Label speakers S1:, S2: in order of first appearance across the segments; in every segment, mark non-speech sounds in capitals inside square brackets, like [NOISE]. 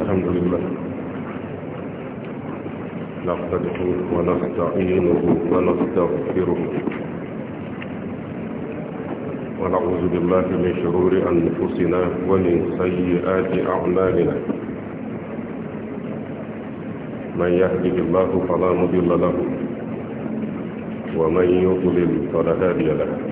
S1: الحمد لله نقتده ونستعينه ونستغفره ونعوذ بالله من شرور أنفسنا ومن سيئات أعمالنا من يهده الله فلا مضل له ومن يضلل فلا هادي له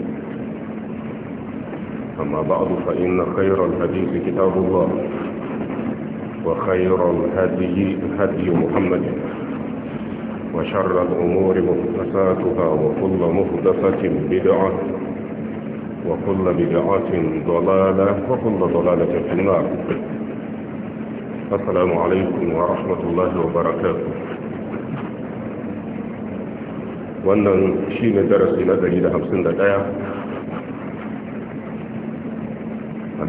S1: أما بعد فإن خير الحديث كتاب الله وخير الهدي هدي محمد وشر الأمور مهدساتها وكل مهدسة بدعة وكل بدعة ضلالة وكل ضلالة في النار السلام عليكم ورحمة الله وبركاته وأن شين ne darasi na 151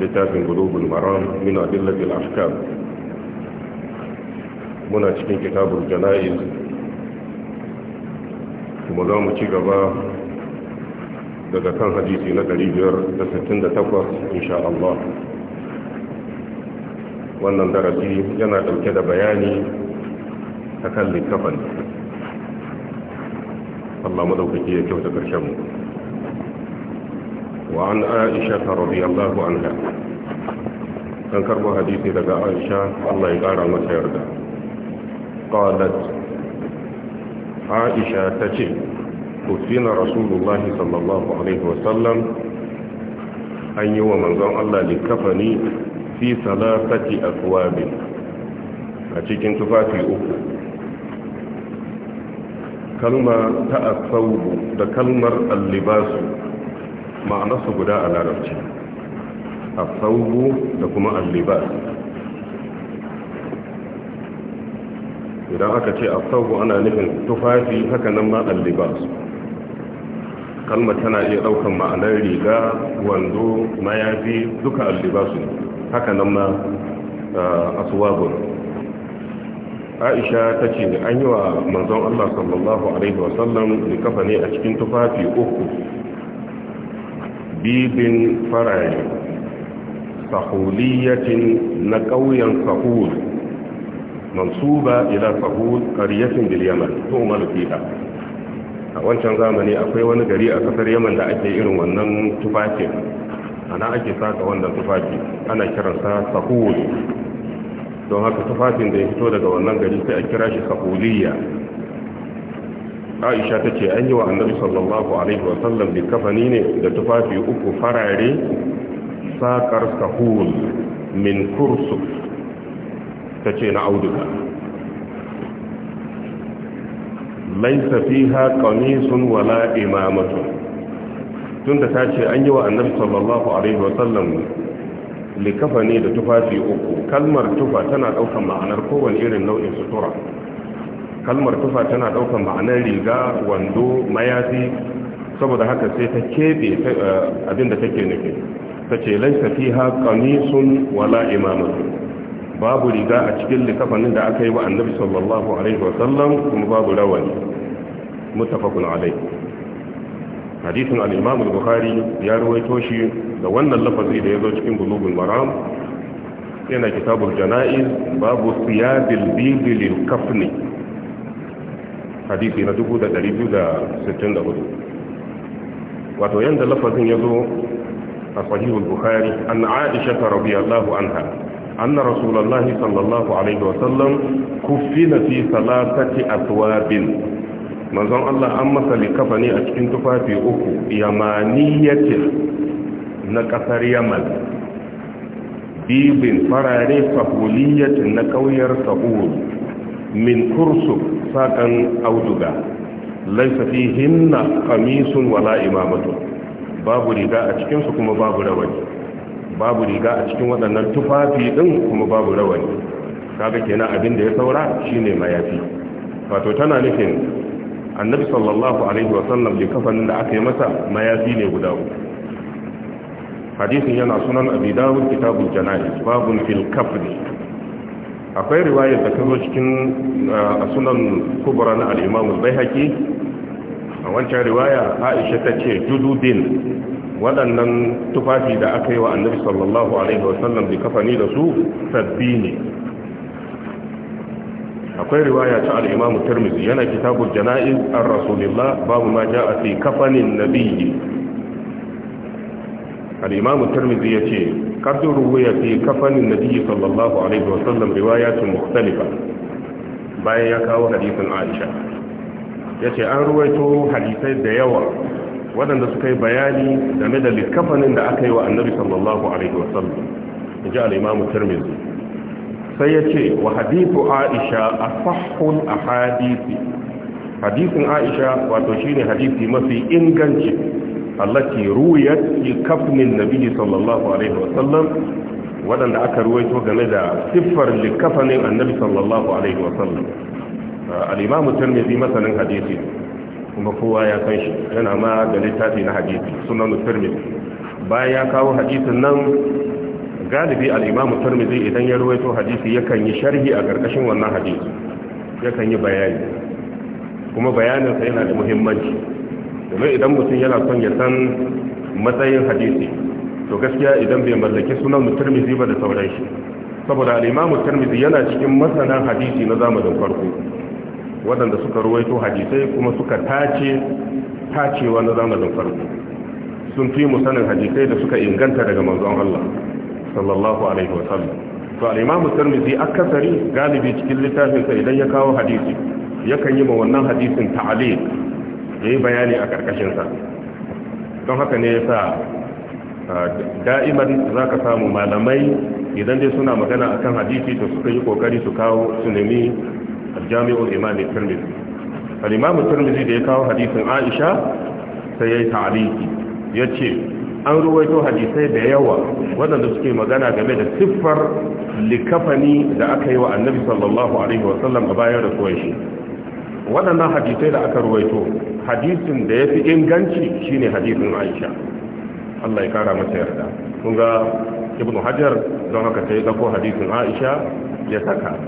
S1: littafin gulubul maram min adillatil ahkam muna cikin kitabul jana'iz kuma za mu ci gaba daga kan hadisi na 568 insha Allah wannan darasi yana dauke da bayani akan littafin Allah madaukake ya kyauta karshen mu وعن عائشة رضي الله عنها كان كربو حديثي لغا عائشة الله يقارى ما سيرده قالت عائشة تجي كفين رسول الله صلى الله عليه وسلم أن يومن ذو الله لكفني في ثلاثة أثواب أتيكين تفاتي أكو kalma ta asawu da kalmar allibasu ma'anarsu guda a larabci a saugu da kuma allibas idan aka ce a saugu ana nufin tufafi haka nan ma allibas kalmar tana iya ɗaukan ma'anar riga wando mayafi duka allibasu haka nan ma uh, asuwabun aisha ta ce an yi wa manzon allah sallallahu alaihi wasallam da kafa ne a cikin tufafi uku bibin farare sahuliyatin na ƙauyen sahul mansuba ila sahul ƙaryatin bil yaman to malfiha a wancan zamani akwai wani gari a kasar yaman da ake irin wannan tufafin ana ake saka wannan tufafi ana kiransa sahul don haka tufafin da ya fito daga wannan gari sai a kira shi sahuliya aisha ta ce an yi wa annabi sallallahu alaihi wa sallam bi kafani ne da tufafi uku farare sakar sahul min kursu ta ce na auduka laisa fiha qamisun wala imamatu tunda ta ce an yi wa annabi sallallahu alaihi wa sallam likafani da tufafi uku kalmar tufa tana daukan ma'anar kowane irin nau'in sutura kalmar tufa tana ɗaukar ma'anar riga wando mayafi saboda haka sai ta keɓe eh, abinda take nufi ta ce laisa fiha qamisun wala imamatu babu riga a cikin likafanin da aka yi wa annabi sallallahu alaihi wasallam kuma babu rawani muttafaqun alaihi hadithun al bukhari ya ruwaito shi da wannan lafazi da ya zo cikin bulugul maram yana kitabul janaiz babu siyabil bidil kafni hadisi na 2264 wato yanda lafazin ya zo a sahihul bukhari an aisha ta radiyallahu anha anna rasulullahi sallallahu alaihi wa sallam kuffina fi salatati aswabin manzon Allah an masa likafa a cikin tufafi uku yamaniyatin na kasar yaman bibin farare sahuliyatin na kauyar sahul min kursu saƙan auduga laisa hinna kamisun wala imamatu babu riga a cikinsu kuma babu rawani babu riga a cikin waɗannan tufafi ɗin kuma babu rawani kaga kenan abin da ya saura shine mayafi wato tana nufin annabi sallallahu alaihi wasallam da kafanin da aka yi masa mayafi ne guda uku hadisin yana sunan abi dawud kitabul janaiz babun fil kafri akwai riwayar da ta zo cikin uh, sunan kubra na al'imamul bai haƙi a wancan riwaya aisha ta ce jududin waɗannan tufafi da aka yi wa annabi sallallahu alaihi wasallam da kafani da su sabbi ne akwai riwaya ta al'imamu turmizi yana kitabun jana'iz an rasulillah babu ma ja a fi kafanin nabiyyi al-imam tirmidhi yace qadru ruwaya fi kafanin nabi sallallahu alaihi wa sallam riwayatun mukhtalifa bayan ya kawo hadisin aisha yace an ruwaito hadisai da yawa waɗanda suka yi bayani game da likafanin da aka yi wa annabi sallallahu alaihi wa sallam ji al-imam tirmidhi sai yace wa hadithu aisha asahhul ahadith hadisin aisha wato shine hadisi mafi inganci allati ruwiyat fi kafnin nabiyyi sallallahu alaihi wa sallam waɗanda aka ruwaito game da siffar likafanin annabi sallallahu alaihi wasallam al-imamu tirmidhi masanin hadisi kuma kowa ya san shi yana ma da littafi na hadisi sunan tirmidhi bayan ya kawo hadisin nan galibi al-imamu tirmidhi idan ya ruwaito hadisi yakan yi sharhi a karkashin wannan hadisi yakan yi bayani kuma bayanin sa yana da muhimmanci domin idan mutum yana son ya san matsayin hadisi to gaskiya idan bai mallaki sunan turmizi ba da sauran shi saboda al'imamu turmizi yana cikin masana hadisi na zamanin farko waɗanda suka ruwaito hadisai kuma suka tace tacewa na zamanin farko sun fi mu sanin hadisai da suka inganta daga manzon Allah sallallahu alaihi wa sallam to al-imamu tirmidhi akasari galibi cikin littafinsa idan ya kawo hadisi yakan yi ma wannan hadisin ta'liq ya yi bayani a ƙarƙashinsa don haka ne ya sa da'iman za ka samu malamai idan dai suna magana a kan hadisi to suka yi ƙoƙari su kawo su nemi aljami'ul imamin turmizi al'imamin turmizi da ya kawo hadisin aisha sai ya yi ta'aliki ya ce an ruwaito hadisai da yawa waɗanda suke magana game da siffar likafani da aka yi wa annabi sallallahu alaihi wasallam a bayan rasuwar shi waɗannan hadisai da aka ruwaito hadisin da ya fi inganci shi ne hadisin aisha Allah ya kara masa yarda kun ga Ibn hajar don haka sai dako hadisin aisha ya saka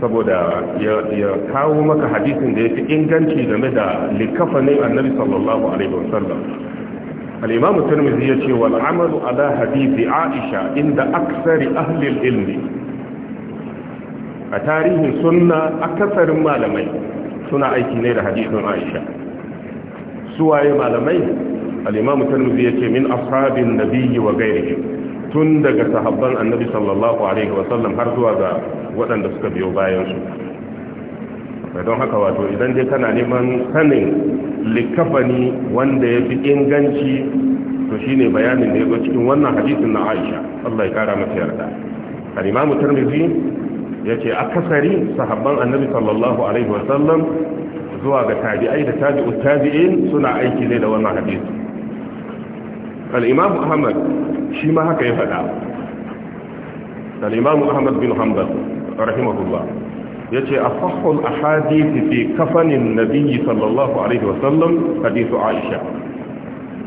S1: saboda ya kawo maka hadisin da ya fi inganci game da likafanin annabi sallallahu alaihi wasallam al-imam at-tirmidhi yace wal amalu ala hadisi aisha inda aksari ahli al a tarihin sunna akasarin malamai suna aiki ne da hadisin aisha suwaye malamai Alimamu imam tarmizi yace min ashabin nabiyyi wa ghairihi tun daga sahabban annabi sallallahu alaihi wasallam har zuwa ga waɗanda suka biyo bayansu. don haka wato idan dai kana neman sanin likafani wanda ya fi inganci to shine bayanin da ya zo cikin wannan hadisin na Aisha Allah ya kara mata yarda Alimamu tarmizi ya ce akasari sahabban annabi sallallahu alaihi wasallam zuwa ga tabi'ai da tabi'ut tabi'in suna aiki ne da wannan hadisi al-imam ahmad shi ma haka ya faɗa al-imam ahmad bin hanbal rahimahullah yace asahhu al-ahadith fi kafanin nabiy sallallahu alaihi wasallam hadithu aisha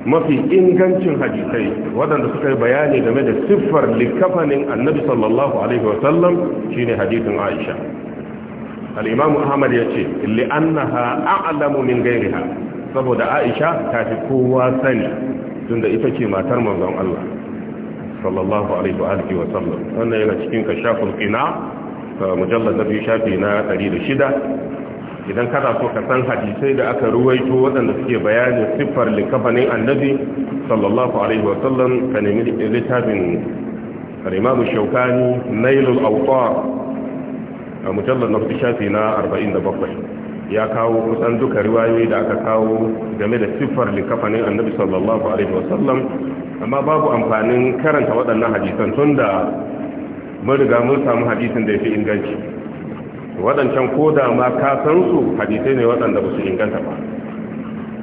S1: mafi ingancin hadisai waɗanda suka yi bayani game da siffar likafanin annabi sallallahu alaihi wasallam shine hadisin aisha al'imamu ahmad ya ce li'annaha a'lamu min gairiha saboda aisha ta fi kowa sani tunda ita ce matar manzon Allah sallallahu alaihi wa sallam wannan yana cikin kashaful uh, mujallar na biyu shafi na idan kana so ka san hadisai da aka ruwaito waɗanda suke bayanin siffar likafanin annabi sallallahu alaihi wasallam ka nemi littafin al shaukani nailul awtar a mujallar na shafi na 47 ya kawo kusan duka riwayoyi da aka kawo game da siffar likafanin annabi sallallahu alaihi wasallam amma babu amfanin karanta waɗannan hadisan tunda mun riga mun samu hadisin da ya fi inganci waɗancan ko da ma ka san su hadisai ne waɗanda ba su inganta ba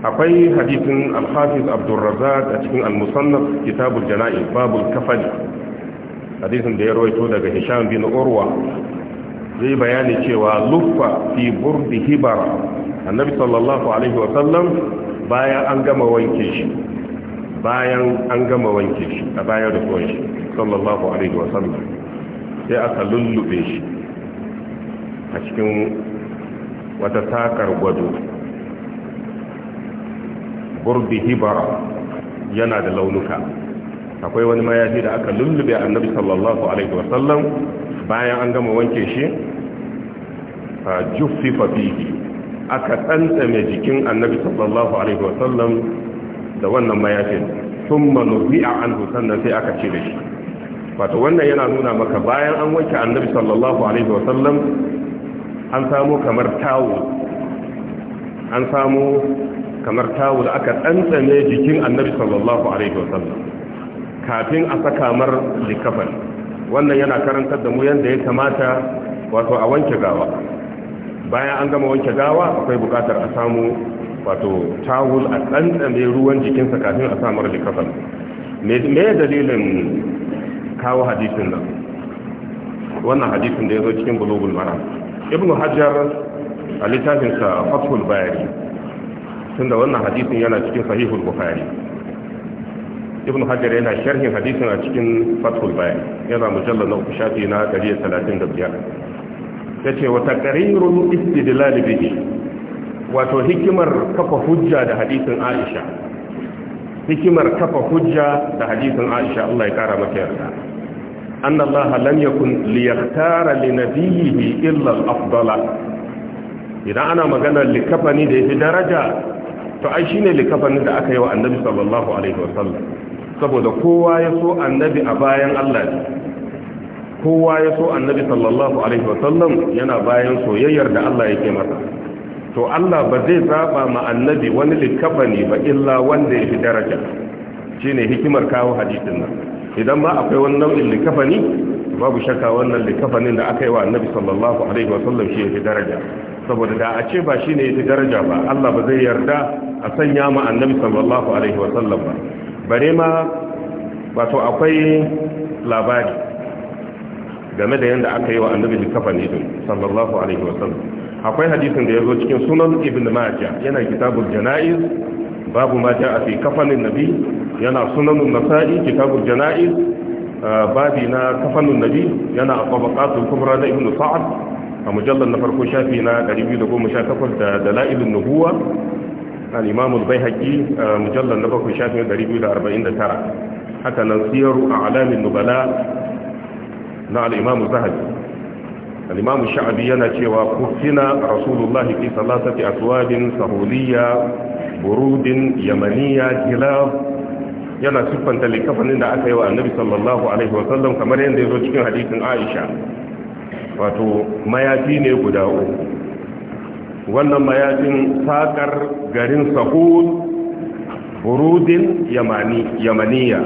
S1: akwai hadisin al-hafiz abdurrazzaq a cikin al-musannaf kitabul jana'i babul kafani hadisin da ya rawaito daga hisham bin urwa zai bayani cewa luffa fi burdi hibara annabi sallallahu alaihi wa sallam bayan an gama wanke shi bayan an gama wanke shi a bayan da tsohon shi sallallahu alaihi wa sallam sai aka lullube shi a cikin wata takar gwado burbi hibara yana da launuka akwai wani mayafi da aka lullube annabi sallallahu alaihi wasallam bayan an gama wanke shi a juffifa fihi aka tsantsame jikin annabi sallallahu alaihi wasallam da wannan mayafin sun manubi a an sannan sai aka ce da shi wata wannan yana nuna maka bayan an wanke annabi sallallahu alaihi wasallam an samu kamar tawul an samu kamar tawul aka tsantsane jikin annabi sallallahu alaihi wasallam kafin a saka mar likafan wannan yana karantar da mu yanda ya kamata wato a wanke gawa bayan an gama wanke gawa akwai bukatar a samu wato tawul a tsantsane ruwan jikinsa kafin a samar likafan me dalilin kawo hadisin nan wannan hadisin da ya zo cikin bulugul mara? ibn hajjar a littafinsa fathul tun da wannan hadisin yana cikin sahihul bukhari ibn hajar yana sharhin hadisin a cikin fathul bayani, yana mujallar na uku shafi na 135 ya ce wata ƙarirun istidlal bihi wato hikimar kafa hujja da hadisin aisha hikimar kafa hujja da hadisin aisha Allah ya kara maka yarda أن الله لم يكن ليختار لنبيه إلا الأفضل إذا أنا مغانا لكفني ده في درجة فأيشيني لكفني ده أكي والنبي صلى الله عليه وسلم saboda kowa ya so annabi a bayan Allah kowa ya so annabi sallallahu alaihi wasallam yana bayan soyayyar da Allah yake masa to Allah ba zai zaba ma annabi wani likafani ba illa wanda ya fi daraja shine hikimar kawo hadisin nan idan ma akwai wani nau'in likafani babu shakka wannan likafanin da aka yi wa annabi sallallahu alaihi wa sallam shi yake daraja saboda da a ce ba shi ne yake daraja ba Allah ba zai yarda a sanya ma annabi sallallahu alaihi wa sallam ba bare ma wato akwai labari game da yadda aka yi wa annabi likafani din sallallahu alaihi wa sallam akwai hadisin da ya zo cikin sunan ibn majah yana kitabul janaiz babu ma ja'a fi kafanin nabi yana sunanun nasa'i kitabul jana'iz babi na kafanun nabi yana a tabaqatul kubra da ibnu sa'ad a mujallar na farko shafi na 218 da dalailun nubuwa al bai al a mujallar na bakwai shafi na 249 haka nan siyaru a alamin nubala na al-imam zahabi al sha'abi yana cewa kufina rasulullahi fi salatati aswabin sahuliyya burudin yamaniya gilab yana siffanta likafanin da aka yi wa annabi sallallahu alaihi wasallam kamar yadda ya zo cikin hadisin aisha wato mayafi ne guda uku wannan mayafin sakar garin sahud burudin yamaniya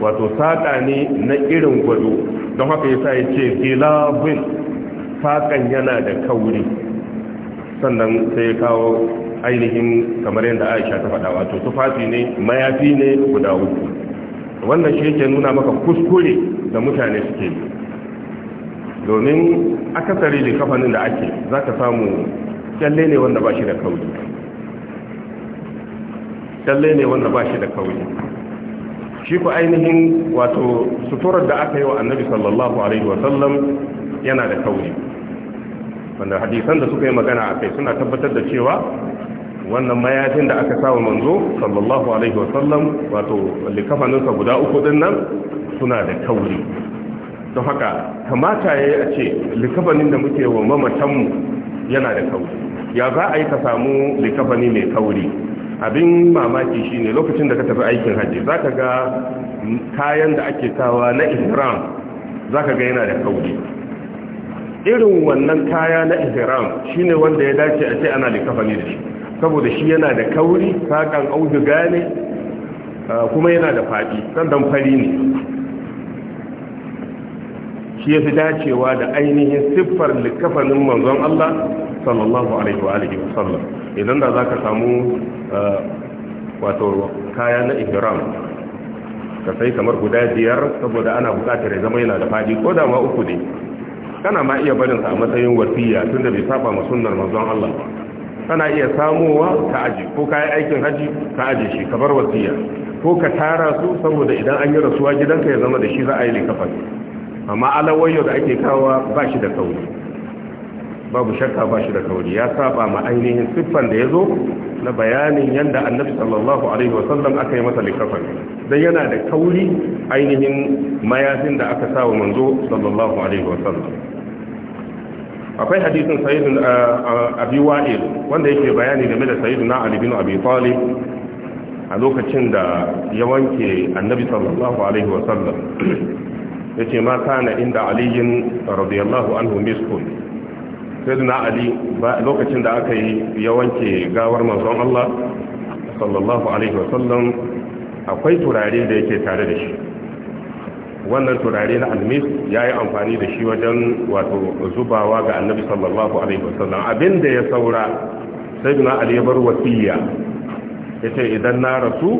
S1: wato saka ne na irin gwado don haka yasa ya ce gilabin sakan yana da kauri sannan sai ya kawo ainihin kamar yadda aisha ta faɗa wato tufafi ne mayafi ne guda uku wannan shi yake nuna maka kuskure da mutane suke domin akasari da kafanin da ake za ka samu kyalle ne wanda ba shi da kauri kyalle ne wanda ba shi da kauri shi ku ainihin wato suturar da aka yi wa annabi sallallahu alaihi wasallam yana da kauri wanda hadisan da suka yi magana a kai suna tabbatar da cewa wannan mayafin da aka sawa manzo sallallahu alaihi wasallam wato likafaninsa guda uku din nan suna da kauri don haka kamata ya yi a ce likafanin da muke wa mamatanmu yana da kauri ya za a yi ka samu likafani mai kauri abin mamaki shine lokacin da ka tafi aikin hajji za ka ga kayan da ake sawa na ihram za ka ga yana da kauri irin wannan kaya na ihram shine wanda ya dace a ce ana likafani da shi saboda shi yana da kauri saƙan auduga ne ah, kuma yana da faɗi sannan fari ne shi ya fi dacewa da ainihin siffar likafanin manzon Allah sallallahu alaihi wa alihi wa sallam idan da zaka samu ah, wato kaya na ihram ka sai kamar guda biyar saboda ana bukatar ya zama yana da faɗi ko da ma uku ne kana ma iya barin sa a matsayin wasiya tunda bai saba ma sunnar manzon Allah ba kana iya samowa ka aji ko ka yi aikin haji ka aji shi ka bar wasiya ko ka tara su saboda idan an yi rasuwa gidanka ya zama da shi za a yi likafan amma alawayyo da ake kawa ba shi da kauri babu shakka ba shi da kauri ya saba ma ainihin siffan da ya zo na bayanin yadda annabi sallallahu alaihi wasallam aka yi masa likafan dan yana da kauri ainihin mayafin da aka sa wa manzo sallallahu alaihi wasallam akwai hadisin sayyidun uh, uh, abi wa'il wanda yake bayani game da sayyiduna ali bin abi talib a lokacin da ya wanke annabi sallallahu alaihi wa sallam [CLEARS THROAT] ce ma kana inda aliyin radiyallahu anhu miskun sayyiduna ali lokacin da aka yi ya wanke gawar manzon Allah sallallahu alaihi wa sallam akwai turare da yake tare da shi wannan turare na almis ya yi amfani da shi wajen wato zubawa ga annabi sallallahu alaihi wasallam abinda ya saura sai na ali bar wasiya yace idan na rasu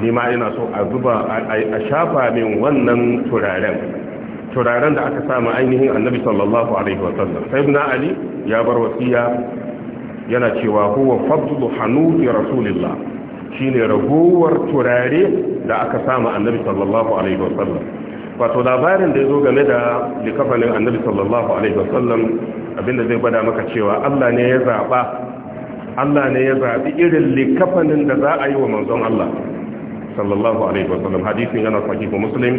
S1: ni ma ina so a zuba a shafa min wannan turaren turaren da aka samu ainihin annabi sallallahu alaihi wasallam sai na ali ya bar wasiya yana cewa huwa fadlu hanuti rasulillah shine ragowar turare da aka samu annabi sallallahu alaihi wasallam wato labarin da ya zo game da likafanin annabi sallallahu alaihi wasallam abinda zai gwada maka cewa Allah ne ya zaba Allah ne ya zabi irin likafanin da za a yi wa manzon Allah sallallahu alaihi wasallam hadisin yana sahihu muslim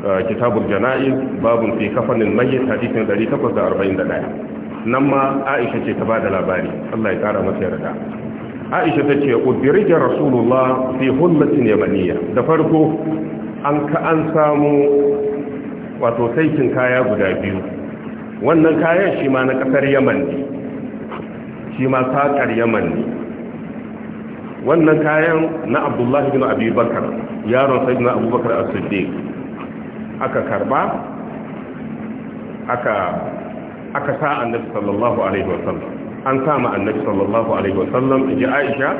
S1: uh, kitabul janaiz babun fi kafanin mayyit hadisin 841 nan ma Aisha ce ta bada labari Allah ya kara mata yarda aisha ta ce ƙudirijar rasulullah fi hulmatin yamaniya da farko an ka an samu wato saikin kaya guda biyu wannan kayan shi ma na ƙasar yaman ne shi ma saƙar yaman ne wannan kayan na abdullahi bin abubakar yaron sai na abubakar a siddiq aka karba aka aka sa sallallahu alaihi wasallam an sama annabi sallallahu alaihi wasallam inji Aisha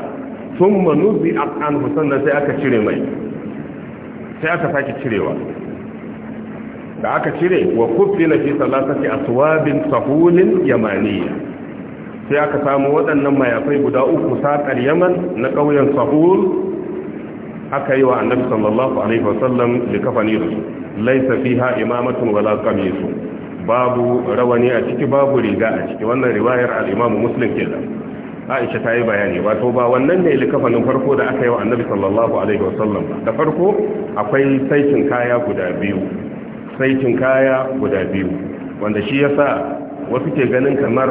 S1: thumma nuzi an sannan sai aka cire mai sai aka saki cirewa da aka cire wa kuffina fi salasati aswabin sahulin yamaniya sai aka samu waɗannan mayafai guda uku saƙar yaman na ƙauyen sahul aka yi wa annabi sallallahu alaihi wasallam likafani da su laisa fiha imamatun wala qamisun babu rawani a ciki babu riga a ciki wannan riwayar al-imamu muslim kenan aisha ta yi bayani wato ba wannan ne likafanin farko da aka yi wa annabi sallallahu alaihi wasallam da farko akwai saitin kaya guda biyu saitin kaya guda biyu wanda shi yasa wasu ke ganin kamar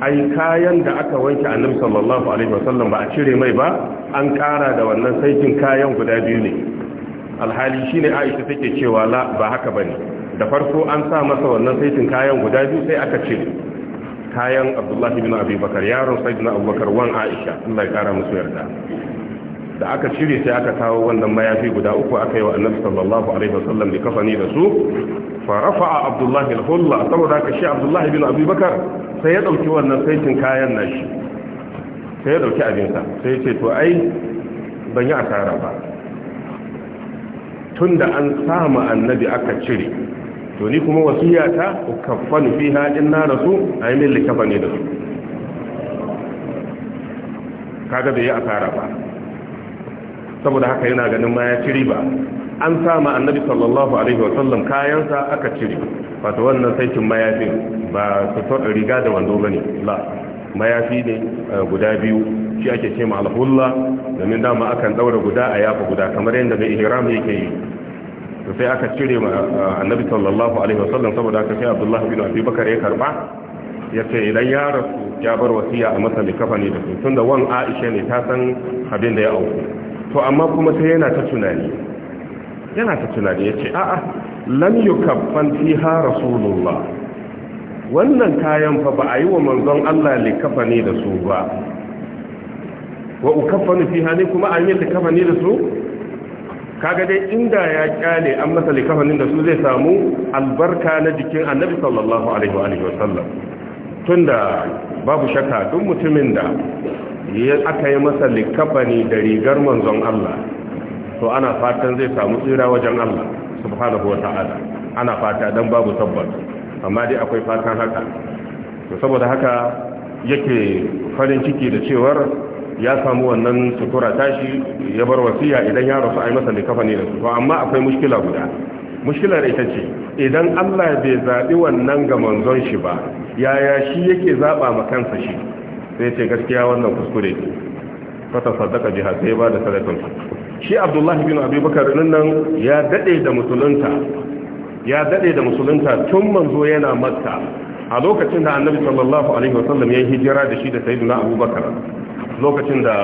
S1: ai kayan da aka wanke annabi sallallahu alaihi wasallam ba a cire mai ba an kara da wannan saitin kayan guda biyu ne alhali shine aisha take cewa la ba haka bane da farko an sa masa wannan saitin kayan guda biyu sai aka ce kayan abdullahi bin abubakar yaron na abubakar wan aisha Allah ya kara musu yarda da aka cire sai aka kawo wannan mayafi guda uku aka yi wa annabi sallallahu alaihi wasallam da kafani da su fa rafa'a abdullahi al-hulla saboda ka shi abdullahi bin abubakar sai ya dauki wannan saitin kayan nashi sai ya dauki abinsa sai ya ce to ai ban yi asara ba tunda an samu annabi aka cire to ni kuma wasiyata ta fiha in na rasu a yi min likafa ne da su kaga bai yi asara ba saboda haka yana ganin ma ya ciri ba. an sama annabi sallallahu alaihi wa sallam kayansa aka cire wato wannan saikin mayafi ba su riga da wando bane la mayafi ne eh, guda biyu shi ake ce ma alhulla domin dama akan daura guda a yafa guda kamar yadda mai ihram yake yi sai aka cire ma uh, annabi sallallahu alaihi wasallam saboda aka sai abdullahi bin abi bakar ya karba ya ce idan ya rasu ya bar wasiya a masa likafani da su tunda wan aisha ne ta san abin da ya auku to amma kuma sai yana ta tunani yana ta tunani ya ce a'a lam yukaffan fiha rasulullah wannan kayan fa ba a yi wa manzon Allah likafani da su ba wa ukaffanu fiha ne kuma an yi likafani da su kaga dai inda ya kyale an masa likafanin da su zai samu albarka na jikin annabi sallallahu alaihi wa alihi tunda babu shakka duk mutumin da ya aka yi masa likafani da rigar manzon Allah to ana fatan zai samu tsira wajen Allah subhanahu wata'ala ana fata dan babu tabbata amma dai akwai fatan haka to saboda haka yake farin ciki da cewar ya samu wannan sutura tashi ya bar wasiya idan ya rasu a yi masa likafani da su to amma akwai mushkila guda mushkilar ita ce idan Allah bai zaɓi wannan ga manzon shi ba yaya shi yake zaɓa ma kansa shi sai ce gaskiya wannan kuskure fata sadaka jiha sai ba da sadakan shi abdullahi bin abubakar nan ya daɗe da musulunta ya daɗe da musulunta tun manzo yana makka a lokacin da annabi sallallahu alaihi wasallam ya yi hijira da shi da sayyidina abubakar lokacin da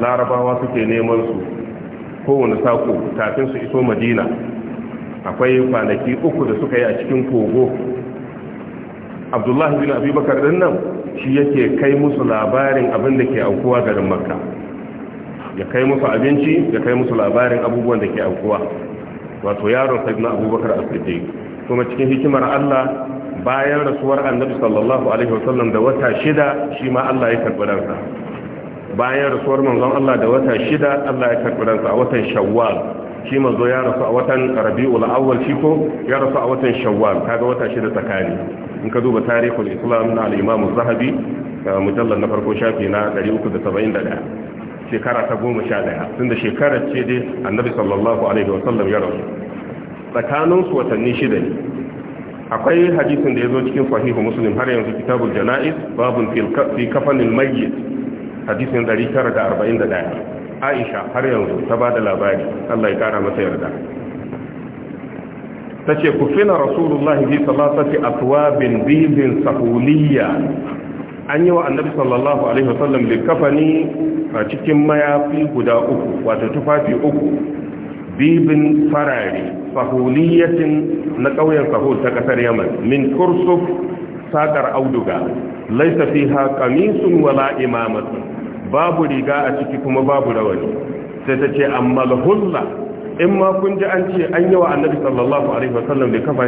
S1: larabawa suke neman su kowane sako kafin su iso madina akwai kwanaki uku da suka yi a cikin kogo abdullahi bin abubakar din nan shi yake kai musu labarin abin da ke aukuwa garin makka ya kai musu abinci ya kai musu labarin abubuwan da ke aukuwa wato yaron sabbin abubakar a sirri kuma cikin hikimar allah bayan rasuwar annabi sallallahu alaihi wasallam da wata shida shi ma allah ya karɓi ransa bayan rasuwar manzon Allah da wata shida Allah ya karɓi ransa a watan shawwal shi manzo ya rasu a watan rabi'ul awwal shi ko ya rasu a watan shawwal kaga wata shida tsakani in ka duba tarihul islam na al-imam az-zahabi mujallal na farko shafi na 371 shekara ta 11 tunda shekarar ce dai annabi sallallahu alaihi wa sallam, ya rasu tsakanin su watanni shida ne akwai hadisin da yazo cikin sahihu muslim har yanzu kitabul janaiz babun fil kafanil mayyit hadisin 941 aisha har yanzu ta ba da labari allah ya kara masa yarda ta ce ku fina rasulullahi bi salatati atwabin an yi wa annabi sallallahu alaihi wasallam likafani a cikin mayafi guda uku wato tufafi uku bibin farare sahuliyatin na ƙauyen sahul ta ƙasar yaman min kursuf sakar auduga laisa fiha qamisun wala imamatun babu riga a ciki kuma babu rawani sai ta ce amma hulla in ma kun ji an ce an yawa wa annabi sallallahu alaihi wasallam da kafa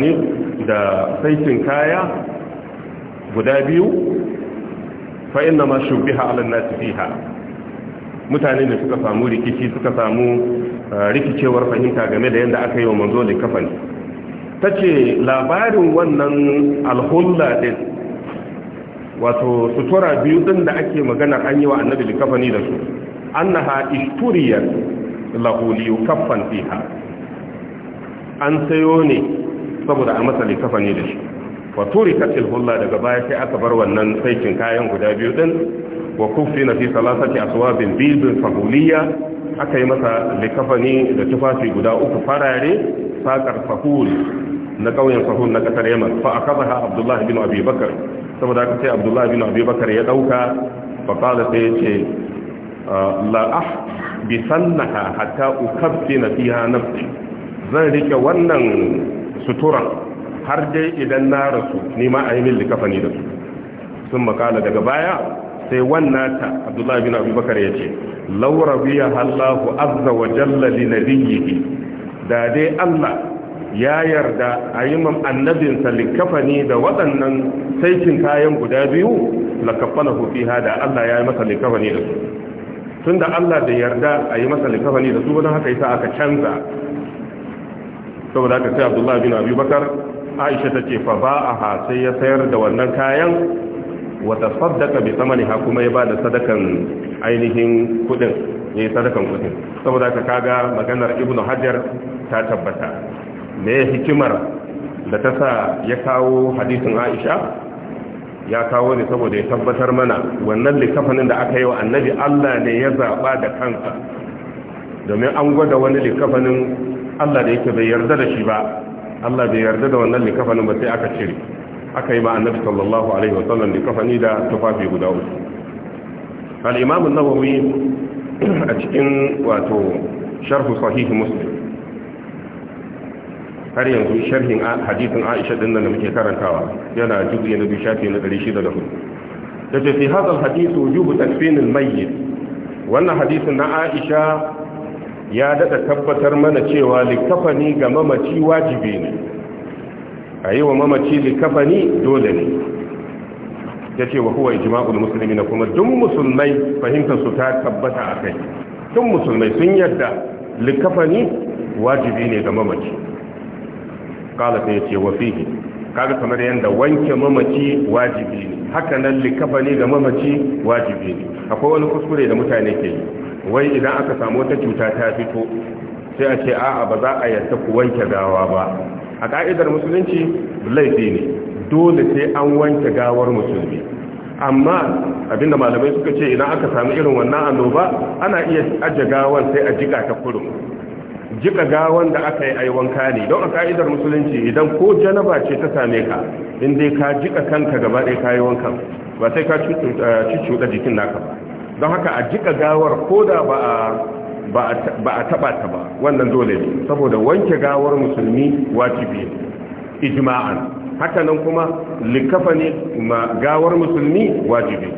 S1: da saitin kaya guda biyu fa inna ma shubbiha ala nasi fiha mutane ne suka samu rikici suka samu eh, rikicewar fahimta game da yadda aka yi wa manzo da kafa ne tace labarin wannan alhulla din wato sutura biyu din da ake magana an yi wa annabi likafani da su annaha isturiyat lahu liyukaffan fiha an sayo ne saboda a masa likafani da shi wa turikat alhulla daga baya sai aka bar wannan saikin kayan guda biyu din wa na fi salasati aswabin bidin fahuliya aka yi masa likafani da tufafi guda uku farare sakar fahul na ƙauyen fahul na kasar yaman fa ha abdullahi bin abi bakar saboda aka sai abdullahi bin abi ya dauka fa qala sai yace ah, la ah bi sannaha hatta ukaffina fiha nafsi zan rike wannan suturan har dai idan na rasu ni ma a yi min likafani da su sun makala daga baya sai wannan ta abdullahi bin abi ya ce laura biya allahu azza wa jalla li nabiyyihi da dai allah ya yarda a yi annabinsa likafani da waɗannan saikin kayan guda biyu lakafana hufiha da Allah ya yi masa likafani da su tun da Allah da yarda a yi masa likafani da su wadda haka sa aka canza saboda aka sai abdullahi bin abubakar aisha ta ce fa ba a sai ya sayar da wannan kayan wata saddaka bi ha, kuma ya ba da sadakan ainihin kudin ya yi sadakan kudin saboda ka kaga maganar ibnu hajar ta tabbata me hikimar da ta sa ya kawo hadisin aisha ya kawo ne saboda ya tabbatar mana wannan likafanin da aka yi wa annabi allah ne ya zaɓa da kansa domin an gwada wani likafanin allah da yake bai yarda da shi ba allah bai yarda da wannan likafanin ba sai aka cire aka yi ma annabi sallallahu alaihi wa sallam likafani da tufafi guda uku al-imam an-nawawi a cikin wato sharh sahih muslim har yanzu sharhin hadisin Aisha din nan da muke karantawa yana juzu na biyu shafi na Da dace fi hadal hadith wujubu takfin mayyit wannan hadisin na Aisha ya dada tabbatar mana cewa likafani ga mamaci wajibi ne ayi wa mamaci likafani dole ne ce wa huwa musulmi na kuma duk musulmai fahimtar su ta tabbata akai Tun musulmai sun yadda likafani wajibi ne ga mamaci kala sai ce wa fihi kaga kamar yanda wanke mamaci wajibi ne haka nan likafani ga mamaci wajibi ne akwai wani kuskure da mutane ke yi wai idan aka samu wata cuta ta fito sai a ce a'a ba za a yarda ku wanke gawa ba a ka'idar musulunci laifi ne dole sai an wanke gawar musulmi amma abinda malamai suka ce idan aka samu irin wannan annoba ana iya ajiye gawar sai a jika ta kurum jika gawan da aka yi aiwanka ne don a ka'idar musulunci idan ko janaba ce ta same ka in dai ka jika kanka gaba ɗaya kayi wanka ba sai ka cucuɗa eh, jikin naka ba don haka a jika gawar ko da ba a taɓa ta ba wannan dole ne saboda wanke gawar musulmi wajibi ijma'an haka nan kuma likafa ne ma gawar musulmi wajibi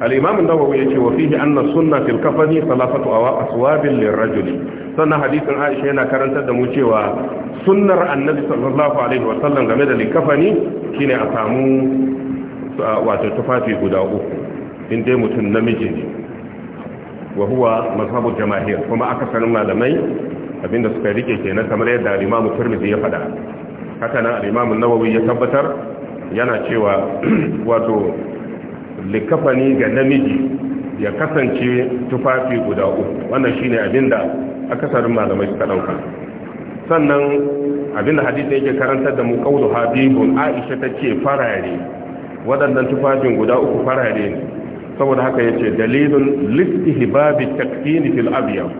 S1: al-imam an-nawawi yace wa fihi anna sunna fil kafani salafatu aswabin lirajuli sannan hadisin Aisha yana karantar da mu cewa sunnar Annabi sallallahu alaihi wasallam game da likafani shine a samu wato tufafi guda uku in dai mutum namiji ne wa huwa mazhabu jamaahir kuma sanin malamai abinda suka rike kenan kamar yadda al-Imam Tirmidhi ya faɗa haka nan al-Imam nawawi ya tabbatar yana cewa [CLEARS THROAT] wato likafani ga namiji ya kasance tufafi guda uku wannan shine abinda akasarin malamai suka dauka sannan abinda hadisi yake karantar da mu qawlu habibun aisha tace farare wadannan tufafin guda uku farare ne saboda haka yace dalilun listihbabi takfini fil abyad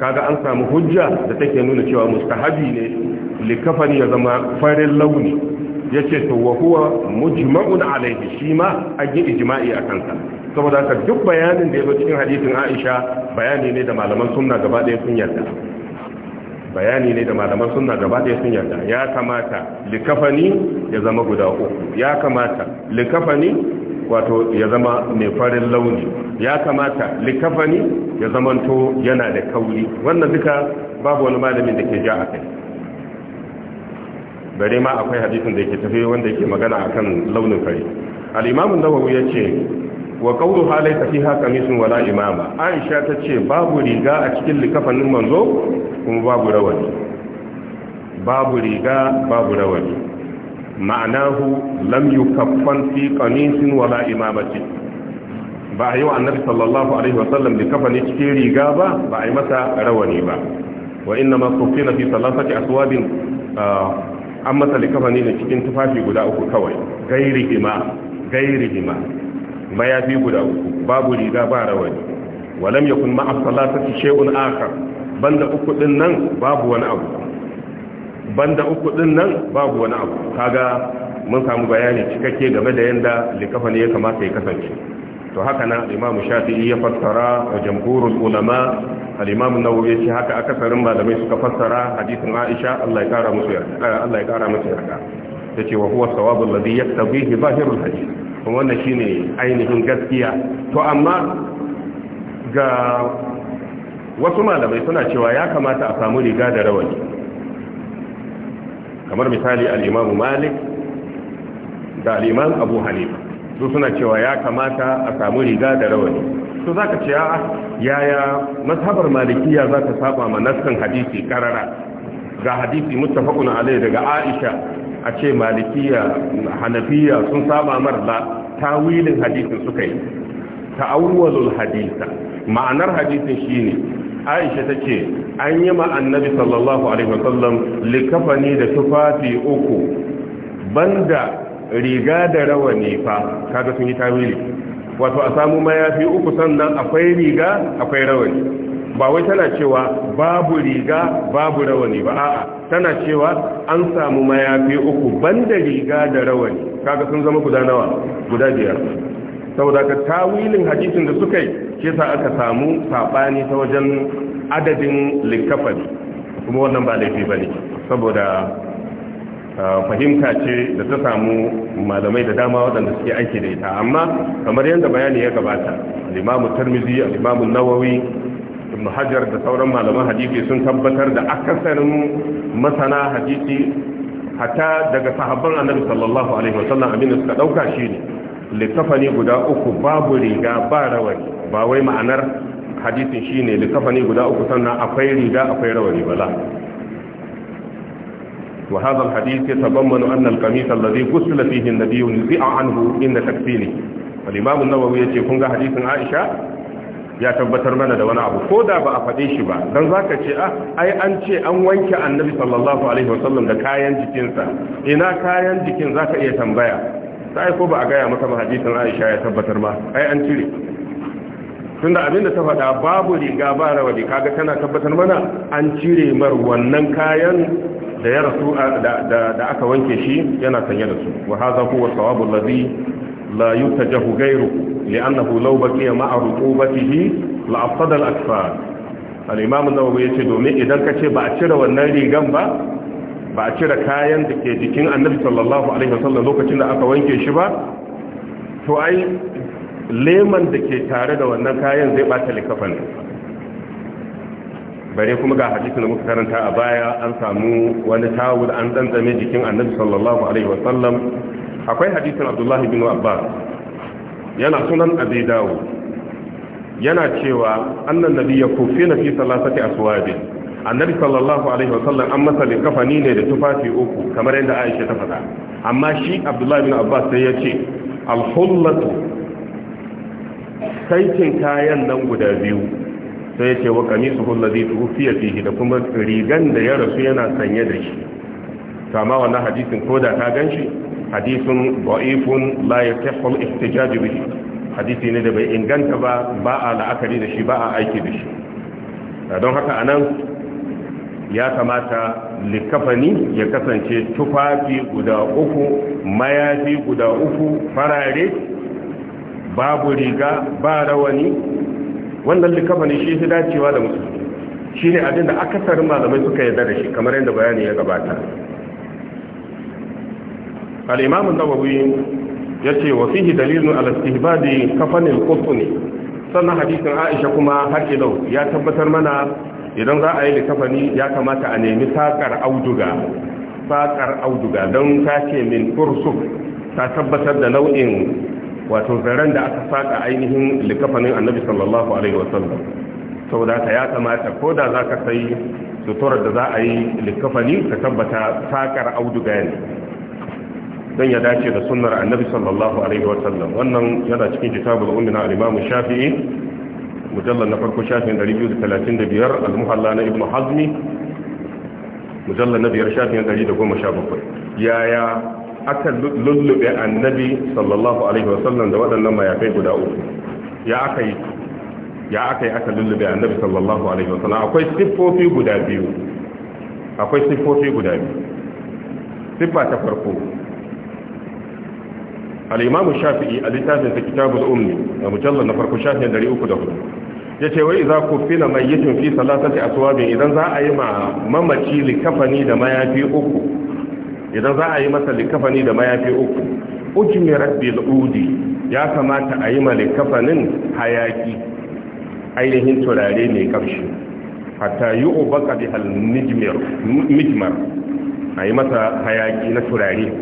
S1: kaga an samu hujja da take nuna cewa mustahabi ne likafan ya zama farin launi yace to wa huwa mujma'un alaihi shi ma an yi ijma'i a kansa saboda haka duk bayanin da ya zo cikin hadisin Aisha bayani ne da malaman sunna gaba ɗaya sun yarda bayani ne da malaman sunna gaba ɗaya sun yarda ya kamata likafani ya zama guda uku ya kamata likafani wato ya zama mai farin launi ya kamata likafani ya zamanto yana da kauri wannan duka babu wani malamin da ke ja a kai bare ma akwai hadisin da yake tafi wanda yake magana akan launin fari al-imamu nawawi yace wa qawlu halaysa fiha qamisun wala imama aisha ta ce babu riga a cikin likafanin manzo kuma babu rawani babu riga babu rawani ma'anahu lam yukaffan fi qamisin wala imamati ba a yi wa annabi sallallahu alaihi wasallam likafani cikin riga ba ba a yi masa rawani ba wa inna ma kufina fi salasati aswabin an masa likafani ne cikin tufafi guda uku kawai gairi hima gairi hima mayafi guda uku babu riga ba rawani walam yakun ma'a salatati shay'un akhar banda uku din nan babu wani abu banda uku din nan babu wani abu kaga mun samu bayani cikakke game da yanda likafani ya kamata ya kasance to haka nan imamu shafi'i ya fassara wa jamhurul ulama al-imamu nawawi ya haka akasarin malamai suka fassara hadisin aisha Allah ya kara musu yarda eh, Allah ya kara musu yarda tace wa huwa sawabul ladhi yaktabihi zahirul hadith kuma shi ne ainihin gaskiya to amma ga wasu malamai suna cewa ya kamata a samu riga da rawani kamar misali al'imamu malik da al'imam abu hanifa su suna cewa ya kamata a samu riga da rawani su za ka ce yaya mazhabar malikiya za ta saba ma nassan hadisi karara ga hadisi kuna alai daga aisha a ce malikiya hanafiya sun saba marla tawilin hadisin suka yi ta'awwalul hadisa ma'anar hadisin shine Aisha tace an yi ma annabi sallallahu alaihi wasallam likafani da tufafi uku banda riga da rawani fa kaga sun yi tawili wato a samu mayafi uku sannan akwai riga akwai rawani ba wai tana cewa babu riga babu rawani ba a'a tana cewa an samu mayafi uku banda riga da rawani kaga sun zama guda nawa guda biyar saboda ka tawilin hadisin da suka yi ke sa aka samu sabani ta wajen adadin likafan. kuma wannan ba laifi bane saboda ah, fahimta ce da ta samu malamai da dama waɗanda suke aiki da ita amma kamar yadda bayani ya gabata al'imamu tarmizi al'imamu nawawi ibn hajar da sauran malaman hadisi sun tabbatar da akasarin masana hadisi hatta daga sahabban annabi sallallahu alaihi wasallam abin da suka dauka shine littafani guda uku babu riga ba rawani ba wai ma'anar hadisin shine littafani guda uku sannan akwai riga akwai rawani bala وهذا الحديث يتضمن أن القميص الذي غسل فيه النبي نزع عنه إن تكفينه والإمام النووي يقول حديث Aisha? ya tabbatar mana da wani abu ko da ba a faɗe shi ba don za ka ce ah, ai an ce an wanke annabi sallallahu alaihi wasallam da kayan jikinsa ina kayan jikin za ka iya tambaya sai ko ba a gaya maka ba hadisin aisha ya tabbatar ba ai an cire tunda abinda ta faɗa babu riga ba rawadi kaga tana tabbatar mana an cire mar wannan kayan da ya rasu da aka wanke shi yana sanye da su wa hadha huwa sawabu ladhi لا يتجه غيره لأنه لو بقي مع رطوبته لأفسد الأكفار الإمام النووي يقول دومي إذا كتي بأتشر والنالي جنبا بأتشر كايا دكي جكين النبي صلى الله عليه وسلم لو كتنا أكوين كيشبا فأي leman da ke tare da wannan kayan zai bata likafan bare kuma ga hadisi da muka karanta a baya an samu wani tawul an danzame jikin annabi sallallahu alaihi wasallam akwai hadisin abdullahi bin abbas yana sunan abi dawo yana cewa annan nabi ya kufi na fi salasati aswabi annabi sallallahu alaihi wasallam an masa kafani ne da tufafi uku kamar yadda aisha ta faɗa amma shi abdullahi bin abbas sai ya ce alhullatu kaicin kayan nan guda biyu sai ya ce wa su hullazi tufiya fihi da kuma rigan da ya rasu yana sanye da shi kama wannan hadisin ko da ta gan shi Hadisin da'ifun la yasihhu al-ihtijaj hadisi ne da bai inganta ba ba a la'akari da shi ba a aiki da shi don haka anan ya kamata likafani ya kasance tufafi guda uku mayafi guda uku farare babu riga ba rawani wannan likafani shi fi dacewa da musulmi shine abin da akasarin malamai suka yarda da shi kamar yadda bayani ya gabata al-imam ya ce yace wa fihi dalilun ala istihbabi sannan hadisin Aisha kuma har ilau ya tabbatar mana idan za a yi likafani ya kamata a nemi saƙar auduga saƙar auduga don ta min fursuf ta tabbatar da nau'in wato zaren da aka saka ainihin likafanin annabi sallallahu alaihi wasallam sau da ya kamata ko da za ka sai suturar da za a yi likafani ka tabbata sakar auduga ne don ya dace da sunnar annabi sallallahu alaihi wa sallam wannan yana cikin kitabul ummi na al-imam shafi'i mujallal na farko shafin 235 al-muhalla na ibnu hazmi mujallal na biyar shafin 117 yaya aka lullube annabi sallallahu alaihi wa sallam da waɗannan mayafai guda uku ya aka yi ya aka yi aka lullube annabi sallallahu alaihi wa sallam akwai sifofi guda biyu akwai siffofi guda biyu siffa ta farko al-imam shafi'i a littafin sa kitabul ummi da mujallal na farko da 304 yace wai idza kufina mayyitun fi salatati aswabin idan za a yi ma mamaci likafani da mayafi uku idan za a yi masa likafani da mayafi uku ujmirat udi ya kamata a yi ma likafanin hayaki ainihin turare mai kamshi hatta yi ubaka bi mijmar a yi masa hayaki na turare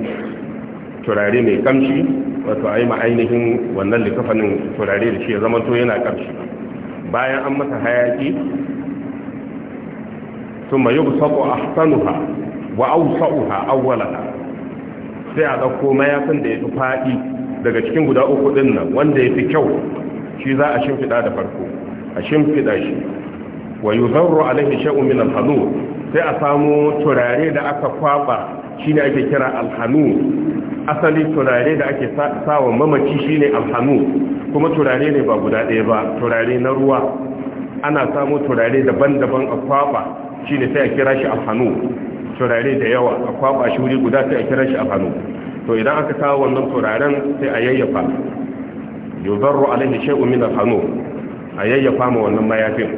S1: turare mai kamshi wato a yi ma'ainihin ainihin wannan littafanin turare da shi ya zama to yana ƙarshe bayan an masa hayaki sun mayu saƙo a sanuha wa sai a ɗauko mayafin da ya fi faɗi daga cikin guda uku ɗin nan wanda ya fi kyau shi za a shimfiɗa da farko a shimfiɗa shi wa yi alaihi sha'u min sai a samu turare da aka kwaba Shi ne ake kira alhanu asali turare da ake sawa mamaci shi ne alhanu kuma turare ne ba guda ɗaya ba turare na ruwa ana samu turare daban-daban a kwaba ne sai a kira shi alhanu turare da yawa a kwaba shi wuri guda sai a kira shi alhanu to idan aka kawo wannan turaren sai a yayyafa yuzarru alaihi shay'un min alhanu a yayyafa ma wannan mayafin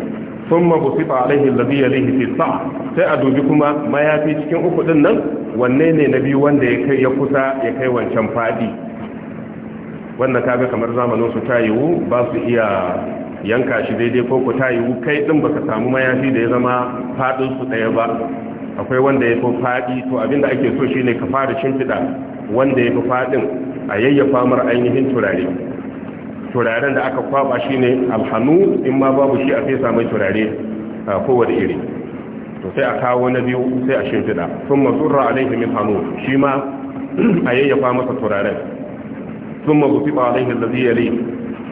S1: thumma busita alaihi alladhi yalihi fi sa'a sai a dubi kuma mayafi cikin uku din nan wanne ne na biyu wanda ya ya kusa ya kai wancan fadi wanda kaga kamar zamanin su ta yiwu ba su iya yanka shi daidai ko ku ta yiwu kai din baka samu mayafi da ya zama fadin su daya ba akwai wanda ya fi fadi to abinda ake so shine ka fara shimfida wanda ya fi fadin a yayyafa mar ainihin turare turaren da aka kwaba shine alhanu in ma babu shi a fesa mai turare kowane iri to sai a kawo na biyu sai a shimfida sun masurra alaihi min hannu shi ma a yayyafa masa turaren sun mazufiɓa alaihi zaziyari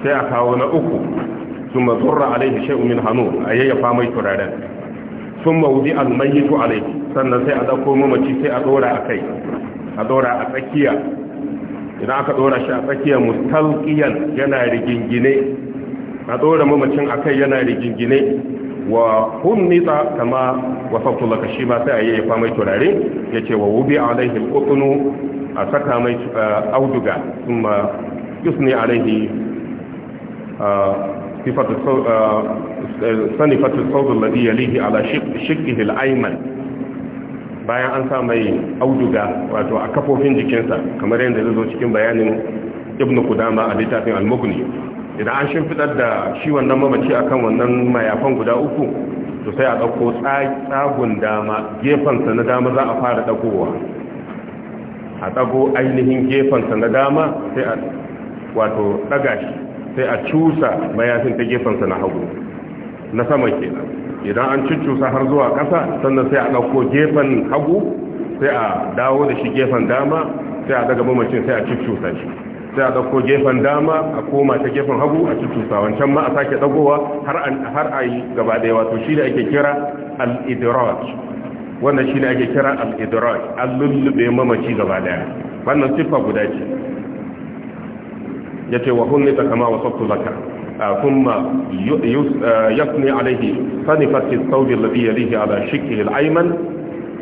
S1: sai a kawo na uku sun masurra alaihi shai'u min hannu a yayyafa mai turaren sun mawudi almayitu alaihi sannan sai a ɗauko mamaci sai a ɗora a kai a ɗora a tsakiya idan aka ɗora shi a tsakiya mustalƙiyan yana rigingine a ɗora mamacin a kai yana rigingine wa hunnita kama wasaftu laka shi ma sai a yi fa mai turare yace wa wubi alaihi alqutnu a saka mai auduga kuma yusni alaihi sifatu sanifatu sawd yalihi ala shikkihi alayman bayan an sa mai auduga wato a kafofin jikinsa kamar yadda zai zo cikin bayanin ibnu kudama a littafin al idan an shimfidar da shi wannan mamaci a kan wannan mayafan guda uku to sai a ɗauko tsagun dama sa na dama za a fara ɗagowa a ɗago ainihin sa na dama sai a wato ɗaga shi sai a cusa mayafin ta sa na hagu na sama kenan idan an cucusa har zuwa ƙasa sannan sai a ɗauko gefen hagu sai a dawo da shi gefen dama sai a daga mamacin sai a cucusa shi sai a ɗauko gefen dama a koma ta gefen hagu a cutusa wancan ma a sake ɗagowa har a yi gaba ɗaya wato shi da ake kira al-idraj wannan shi ne ake kira al-idraj an lullube mamaci gaba ɗaya wannan siffa guda ce ya ce wa hunne ta kama wa sabtu laka ثم يثني عليه صنفة الثوب الذي يليه على شكه الأيمن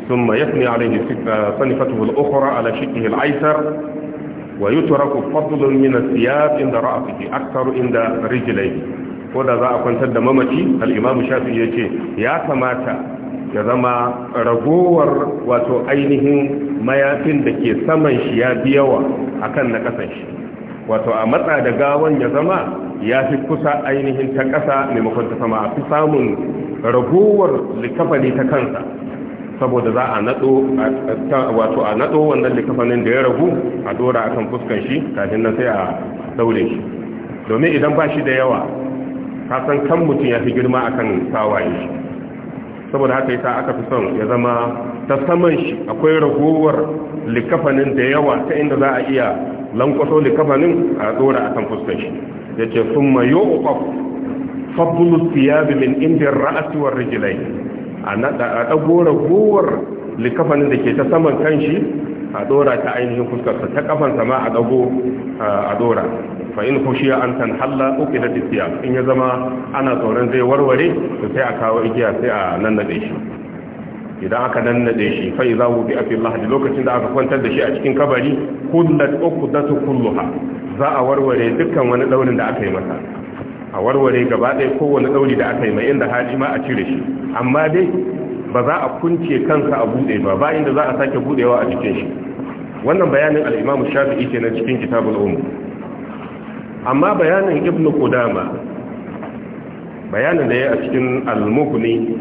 S1: ثم يثني عليه صنفته الأخرى على شكه الأيسر wa yutraku fadlun min as-siyab inda ra'sihi akthar inda rijlaihi ko da za a kwantar da mamaci al-imam ya ce ya kamata ya zama ragowar wato ainihin mayafin da ke saman shi ya biyawa akan na kasan shi wato a matsa da gawan ya zama ya fi kusa ainihin ta kasa maimakon ta sama a fi samun ragowar likafani ta kansa saboda za a nado wato a nado wannan likafanin da ya ragu a dora akan fuskan shi kafin nan sai a daure shi domin idan ba shi da yawa ka san kan mutum ya fi girma akan tawaye shi saboda haka yasa aka fi son ya zama ta saman shi akwai raguwar likafanin da yawa ta inda za a iya lankwaso likafanin a dora akan fuskan shi yace summa yuqaf fadlu thiyab min inda ar-ra's war rijlayn a ɗagora gowar likafanin da ke ta saman kanshi a dora ta ainihin fuskarsa ta ƙafansa ma a dago a dora fa in an san halla uke da tafiya in ya zama ana tsoron zai warware to sai a kawo igiya sai a nannade shi idan aka nannade shi fa za hu bi afi Allah lokacin da aka kwantar da shi a cikin kabari kullat uqdatu kulluha za a warware dukkan wani daurin da aka yi masa a warware gaba ɗaya kowane ɗauri da aka yi mai inda hali ma a cire shi amma dai ba za a kunce kansa a buɗe ba bayan da za a sake buɗewa a jikin shi wannan bayanin al'imamu shafi'i ke na cikin kitabul umu amma bayanin ibn qudama bayanin da ya a cikin al-mughni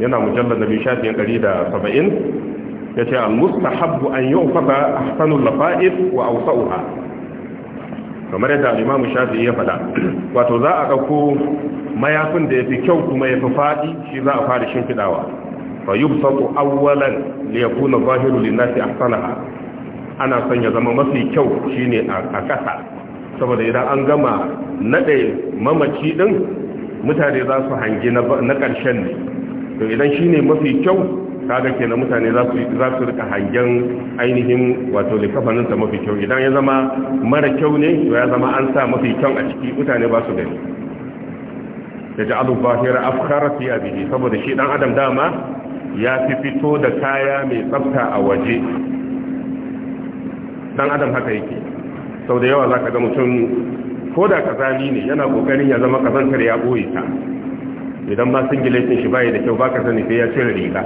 S1: yana mujallad nabi shafi'in 170 yace al-mustahabbu an yunfaqa ahsanul lafa'id wa awsa'uha kamar yadda alimamu shafi ya faɗa wato za a ɗauko mayafin da ya fi kyau kuma fi faɗi shi za a fara shimfiɗawa fa yubsatu awwalan ya kuna zahiru lin a ahsanaha ana son ya zama mafi kyau shi ne a ƙasa saboda idan an gama nade mamaci ɗin mutane za su hangi na ƙarshen ne to idan shi ne mafi kyau kaga kenan mutane za su za su rika hangen ainihin wato likafanin ta mafi kyau idan ya zama mara kyau ne to ya zama an sa mafi kyau a ciki mutane ba su gani ya ji alu bahira afkara fi abihi saboda shi dan adam dama ya fi fito da kaya mai tsafta a waje dan adam haka yake sau da yawa za ka ga mutum ko da kazali ne yana kokarin ya zama kazantar ya boye ta idan ba singiletin shi baya da kyau ka sani sai ya cire riga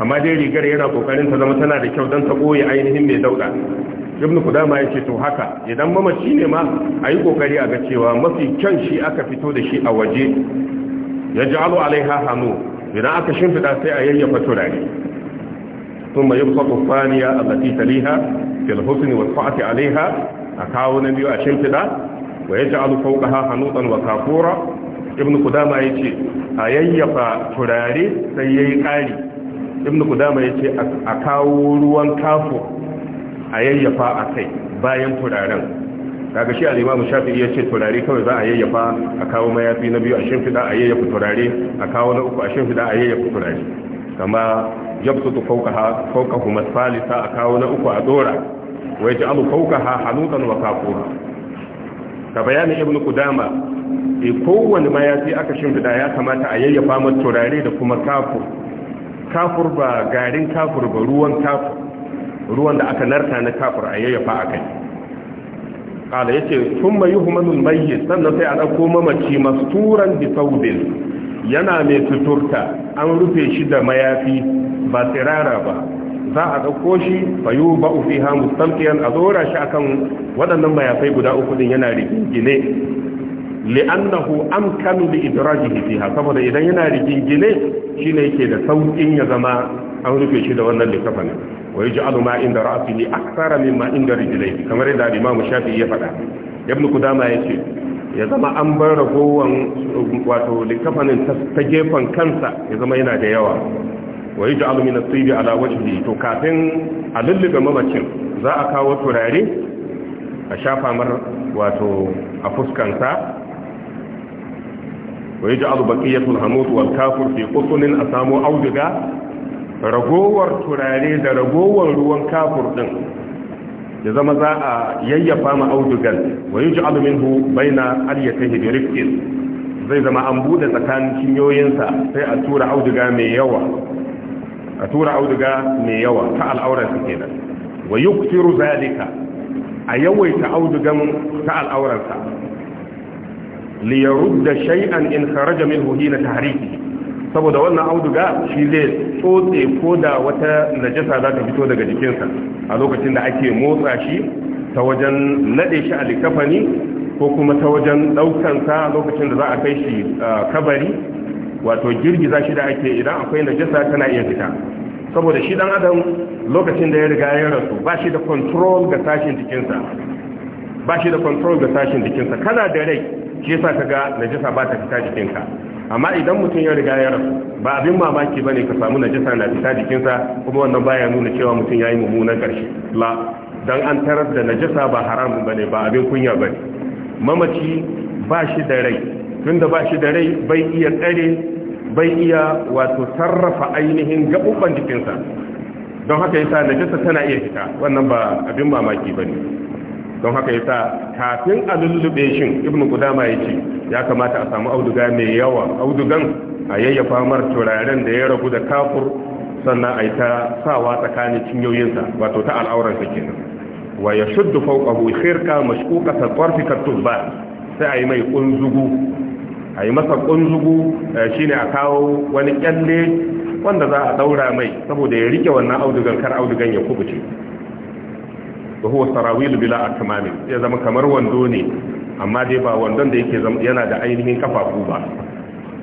S1: amma dai rigar yana kokarin ta zama tana da kyau don ta koyi ainihin mai dauda ibn kudama ya ce to haka idan mamaci ne ma a yi kokari a ga cewa mafi kyan shi aka fito da shi a waje ya ji alu hannu idan aka shimfiɗa sai a yayyafa turare sun mai yubsa kufaniya a lati taliha fil husni wa fa'ati alaiha a kawo na biyu a shimfiɗa wa ya ji alu fauƙaha hannutan wa kafura ibn kudama ya ce a yayyafa turare sai ya yi ƙari ibn kudama ya ce a kawo ruwan kafo a yayyafa a kai bayan turaren kaga shi al'imamu shafi'i iya ce turare kawai za a yayyafa a kawo mayafi na biyu a fida a yayyafa turare a kawo na uku a fida a yayyafa turare kama yabtutu fawqahu masfalisa a kawo na uku a dora wa yaj'alu fawqaha hanutan wa kafura ka bayanin ibn kudama e eh, kowanne mayafi aka fida ya kamata a yayyafa mata turare da kuma kafo kafur ba garin kafur ba ruwan kafur ruwan da aka narka na kafur a yayyafa a kai kala yace sun mai yuhmanul mayi sannan sai a ɗauko mamaci turan turan saudin yana mai suturta an rufe shi da mayafi ba tsirara ba za a dauko shi bayu ba ha mustamtiyan a zora shi akan waɗannan mayafai guda uku din yana rigingine li'annahu da li idrajihi fiha saboda idan yana rigingine shi ne yake da saukin ya zama an rufe shi da wannan likafanin wa yaj'alu ma inda ra'sihi akthara mimma inda rijlaihi kamar yadda Imam Shafi'i ya faɗa Ibn Qudama yace ya zama an bar ragowan wato littafin ta gefen kansa ya zama yana da yawa wa yi ja'alu min asibi ala to kafin a lulluga mamacin za a kawo turare a shafa mar wato a fuskansa wa yaj'alu baqiyatul hamut wal kafur fi qutunin asamu auduga ragowar turare da ragowar ruwan kafur ɗin ya zama za a yayyafa ma audugan wa yaj'alu minhu baina alyatihi bi zai zama an buɗe tsakanin cinyoyinsa sai a tura auduga mai yawa a tura auduga mai yuktiru zalika a yawaita audugan ta al'aurarsa li da shay'an in kharaja minhu na tahrifi saboda wannan auduga shi zai tsotse ko da wata najasa za ta fito daga jikinsa a lokacin da ake motsa shi ta wajen nade shi a likafani ko kuma ta wajen daukansa lokacin da za a kai shi kabari wato girgiza shi da ake idan akwai najasa tana iya fita saboda shi dan adam lokacin da ya riga ya rasu ba shi da control ga sashin jikinsa ba shi da control ga sashin jikinsa kana da rai shi yasa kaga najasa ba ta fita jikinka amma idan mutum ya riga ya rasu ba abin mamaki bane ka samu najasa na fita jikinsa kuma wannan baya nuna cewa mutum yayi yi mummunan karshe la don an tarar da najasa ba haramu bane ba abin kunya bane mamaci ba shi da rai tunda da ba shi da rai bai iya tsare bai iya wato sarrafa ainihin jikin jikinsa don haka yasa najasa tana iya fita wannan ba abin mamaki ba don haka yasa kafin a lullube shin ibnu qudama yace ya kamata a samu auduga mai yawa audugan a yayyafa mar turaren da ya ragu da kafur sannan a yi ta sawa tsakanin cinyoyinsa wato ta al'auransa kenan wa ya fawqahu fauqahu khirka mashquqa tarfi katubba sai a yi mai kunzugu a yi masa kunzugu eh, shine a kawo wani kyalle wanda za a daura mai saboda ya rike wannan audugan kar audugan ya kubuce da huwa sarawil bila akmami ya zama kamar wando ne amma dai ba wandon da yake yana da ainihin kafafu ba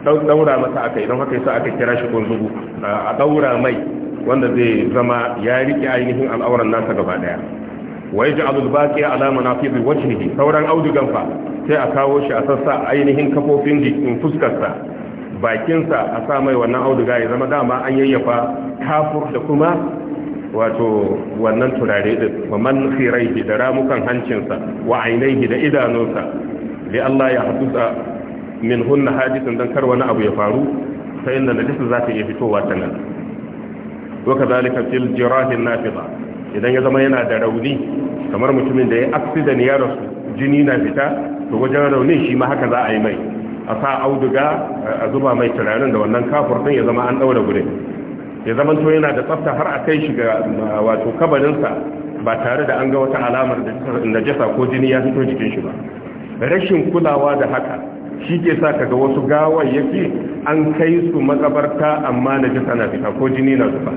S1: daura masa aka idan haka yasa aka kira shi kunzugu a daura mai wanda zai zama ya rike ainihin al'auran nasa gaba daya wa yaj'alul baqiya ala manafiz wajhihi sauran audugan fa sai a kawo shi a sassa ainihin kafofin jikin fuskarsa bakinsa a sa mai wannan auduga ya zama dama an yayyafa kafur da kuma wato wannan turare din wa man khiraihi da ramukan hancinsa wa ainihi da idanunsa li Allah ya hasusa min hunna hadisin dan kar wani abu ya faru sai inda najisa za ta iya fitowa ta nan wa kadhalika fil jirahi nafida idan ya zama yana da rauni kamar mutumin da ya accident ya rasu jini na fita to wajen rauni shi ma haka za a yi mai a sa auduga a zuba mai turaren da wannan kafurtun ya zama an daura gurin ya zama to yana da tsafta har a kai shi ga wato kabarinsa ba tare da an ga wata alamar da jasa ko jini ya fito jikin shi ba rashin kulawa da haka shi ke sa kaga wasu gawayyaki an kai su makabarta amma na jasa na fita ko jini na zuba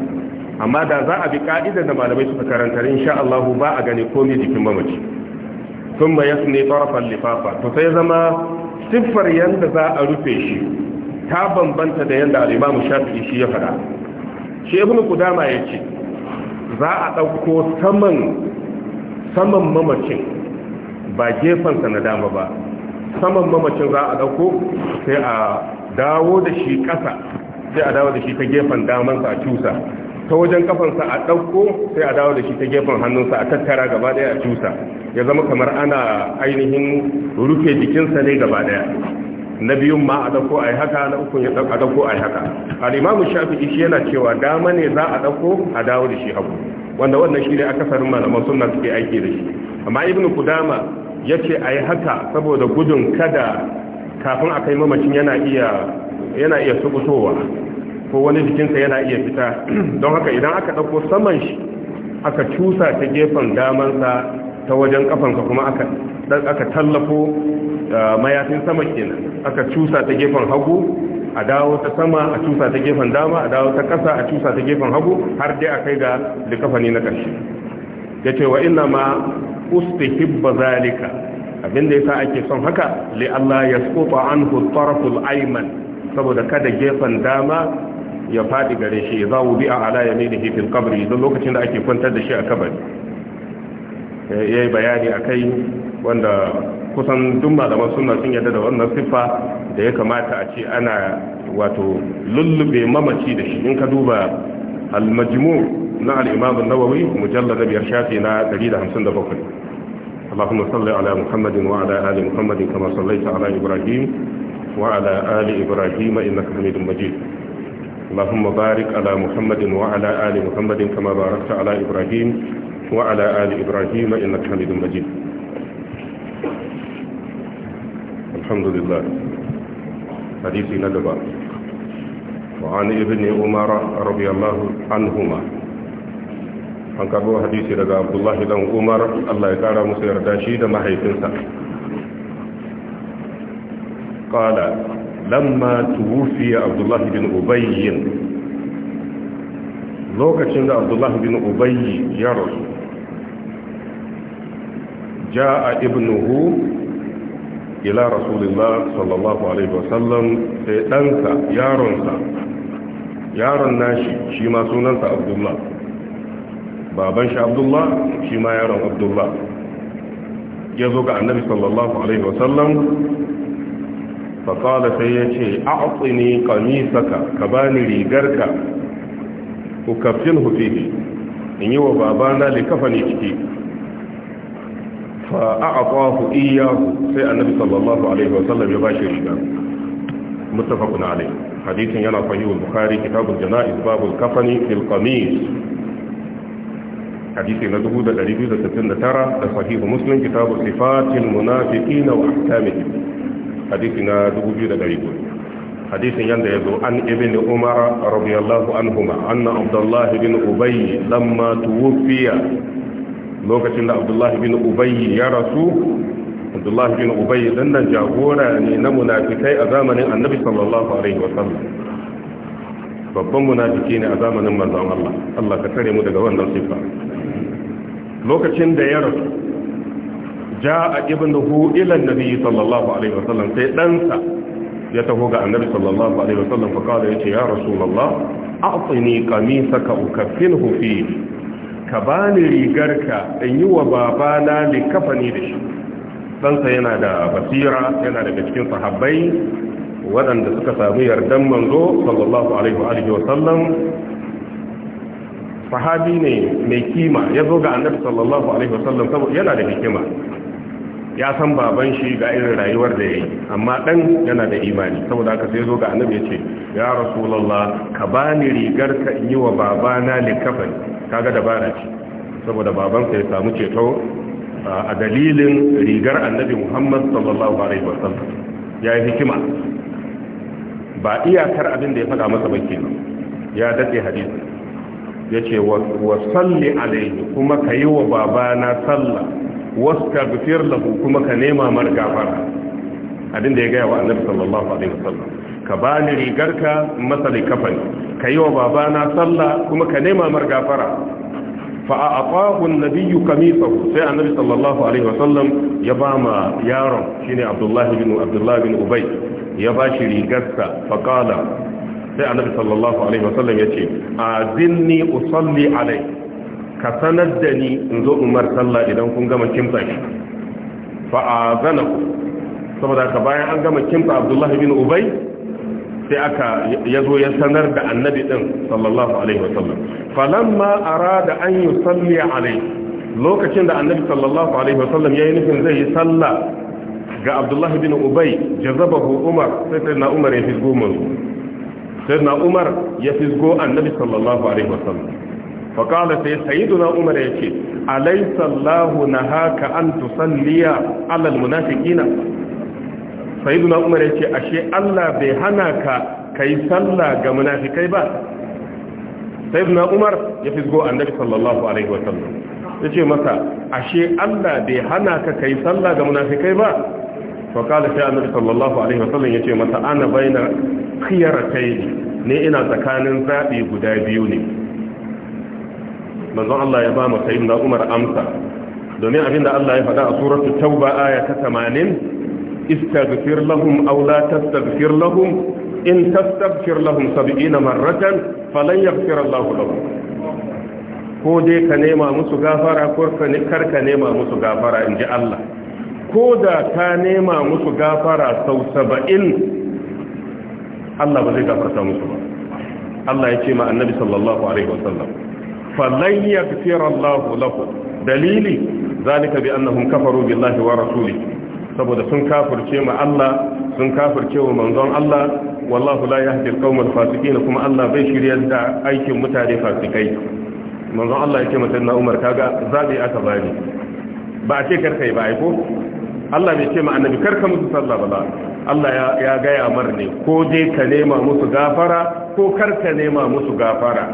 S1: amma da za a bi ka'idar da malamai suka karanta insha Allah ba a gane komai jikin mamaci sun ba ne tarafan lifafa to sai zama siffar yanda za a rufe shi ta bambanta da yadda al-Imam Shafi'i shi ya fara shi ibn kudama ya ce za a ɗauko saman saman mamacin ba gefansa na dama ba saman mamacin za a ɗauko sai a dawo da shi ƙasa sai a dawo da shi ta gefen damansa a cusa ta wajen kafansa a ɗauko sai a dawo da shi ta gefen hannunsa a tattara gaba ɗaya a cusa ya zama kamar ana ainihin rufe jikinsa ne gaba ɗaya na biyun ma a dauko yi haka na uku ya ɗauko a yi haka al'imamu shafi'i shi yana cewa dama ne za a ɗauko a dawo da shi haku wanda wannan shi ne mana malaman suna suke aiki da shi amma ya ce a yi haka saboda gudun kada kafin a kai mamacin yana iya yana ko wani jikinsa yana iya fita [CLEARS THROAT] don haka idan aka ɗauko saman shi aka cusa ta gefen damansa ta wajen kafansa kuma aka dan aka tallafo eh, mayafin sama kenan aka cusa ta gefen hagu a dawo ta sama a cusa ta gefen dama a dawo ta ƙasa a cusa ta gefen hagu har dai a kai ga likafani na ƙarshe ya ce wa ina ma ustahibba zalika abinda yasa ake son haka li Allah ya skuta anhu saboda kada gefen dama ya fadi gare shi za wu bi a ala yaminihi fil qabri don lokacin da ake kwantar da shi a kabari eh, yayi bayani akai wanda kusan duk malaman suna sun yadda da wannan siffa da ya kamata a ce ana wato lullube mamaci da shi in ka duba almajimu majmu na al-imam an-nawawi biyar shafi na 157 اللهم صل على محمد وعلى آل محمد كما صليت على إبراهيم وعلى آل إبراهيم إنك حميد مجيد اللهم بارك على محمد وعلى آل محمد كما باركت على إبراهيم وعلى آل إبراهيم إنك حميد مجيد alhamdulillah hadisi na gaba وعن ابن عمر رضي an karbo hadisi daga abdullahi dan umar allah ya kara musu yarda shi da mahaifinsa kala lamma tuwufiya abdullahi bin ubayyin lokacin da abdullahi bin ubayyi ya rasu ja'a ibnuhu ila Rasulillah sallallahu alaihi wasallam sai ɗansa yaronsa yaron nashi shi ma sunansa abdullah baban shi abdullah shi ma yaron abdullah ya zo ga annabi sallallahu alaihi wasallam faƙala sai ya ce a a'atsini kamisaka ka bani rigarka ku kafin hufihi in yi wa babana likafani ciki فأعطاه إياه سيء النبي صلى الله عليه وسلم يباشر الشباب متفق عليه حديث ينا صحيح البخاري كتاب الجنائز باب الكفن في القميص حديث ندهو دا دريبو دا ستن ترى صحيح مسلم كتاب صفات المنافقين وأحكامهم حديث ندهو دا دريبو حديث يندهو عن ابن عمر رضي الله عنهما أن عبد الله بن أبي لما توفي lokacin da abdullahi bin ubayy ya rasu abdullahi bin ubayy dan nan jagora ne na munafikai a zamanin annabi sallallahu alaihi wasallam babban munafiki ne a zamanin manzon Allah Allah ka tare mu daga wannan sifa lokacin da ya rasu ja'a ibnuhu ila annabi sallallahu alaihi wasallam sai dansa ya taho ga annabi sallallahu alaihi wasallam fa kada yace ya rasulullah a'tini qamisaka ukaffinhu fihi ka bani rigarka in yi wa babana ne kafani da shi ɗansa yana da basira yana daga cikin sahabbai waɗanda suka sami yardan manzo sallallahu alaihi wa sallam sahabi ne mai kima ya zo ga annabi sallallahu alaihi wa sallam yana da kima ya san baban shi ga irin rayuwar da ya yi amma ɗan yana da imani saboda haka sai zo ga annabi ya ce ya rasulullah ka bani rigar ka in yi wa babana likafani kaga dabara ce saboda babansa ya samu ceto a dalilin rigar annabi Muhammad sallallahu alaihi wasallam ya yi hikima ba iyakar abin da ya faɗa masa bakke nan ya dace hadisi ya ce wa salli alaihi kuma ka yi wa babana sallah wastaghfir lahu kuma ka nema margafara gafara abin da ya gaya wa annabi sallallahu alaihi wasallam ka ba ni rigarka masali kafani. ka yi wa babana sallah kuma ka nema mar gafara fa a afahun nabiyyu kamisahu sai annabi sallallahu alaihi wasallam ya ba ma yaron shine abdullahi bin abdullahi bin ubay ya ba shi rigarsa fa qala sai annabi sallallahu alaihi wasallam yace azinni usalli alai ka sanar da ni in zo umar sallah idan kun gama kimsa shi fa ku saboda ka bayan an gama kimsa abdullahi bin ubay sai aka yazo ya sanar da annabi din sallallahu alaihi wasallam falamma arada an yusalli alaihi lokacin da annabi sallallahu alaihi wasallam yayin nufin zai yi sallah ga abdullahi bin ubay jazabahu umar sai sai na umar ya fisgo mun sai na umar ya fisgo annabi sallallahu alaihi wasallam fa qala sai sayyiduna umar ya ce alaysa allah nahaka an tusalliya ala almunafiqina sayyiduna umar yace ashe Allah bai hana ka kai sallah ga munafikai ba sayyiduna umar ya fisgo annabi sallallahu alaihi wasallam ce masa ashe Allah bai hana ka kai sallah ga munafikai ba fa kala sai annabi sallallahu alaihi wasallam yace masa ana baina kai ne ne ina tsakanin zaɓi guda biyu ne manzon Allah ya ba mu sayyidina Umar amsa domin abinda Allah ya faɗa a suratu Tauba aya ta 80 استغفر لهم أو لا تستغفر لهم إن تستغفر لهم سبعين مرة فلن يغفر الله لهم ko dai ka nema musu gafara ko kar ka nema musu gafara in ji Allah ko da ka nema musu gafara sau saba'in Allah ba zai gafarta musu ba Allah ya ce ma annabi sallallahu alaihi wasallam falan yaghfira Allah lahu dalili zalika bi annahum kafaru billahi wa rasulihi saboda sun kafurce ma Allah sun kafurce wa manzon Allah wallahu la yahdi al-qawmal fasiqin kuma Allah bai shiryar da aikin mutane fasikai manzon Allah yake mata na Umar kaga zabi aka bani ba a ce kar kai ba ai ko Allah bai ce ma annabi kar ka musu sallah ba Allah ya ya ga ya mar ne ko dai ka nema musu gafara ko kar ka nema musu gafara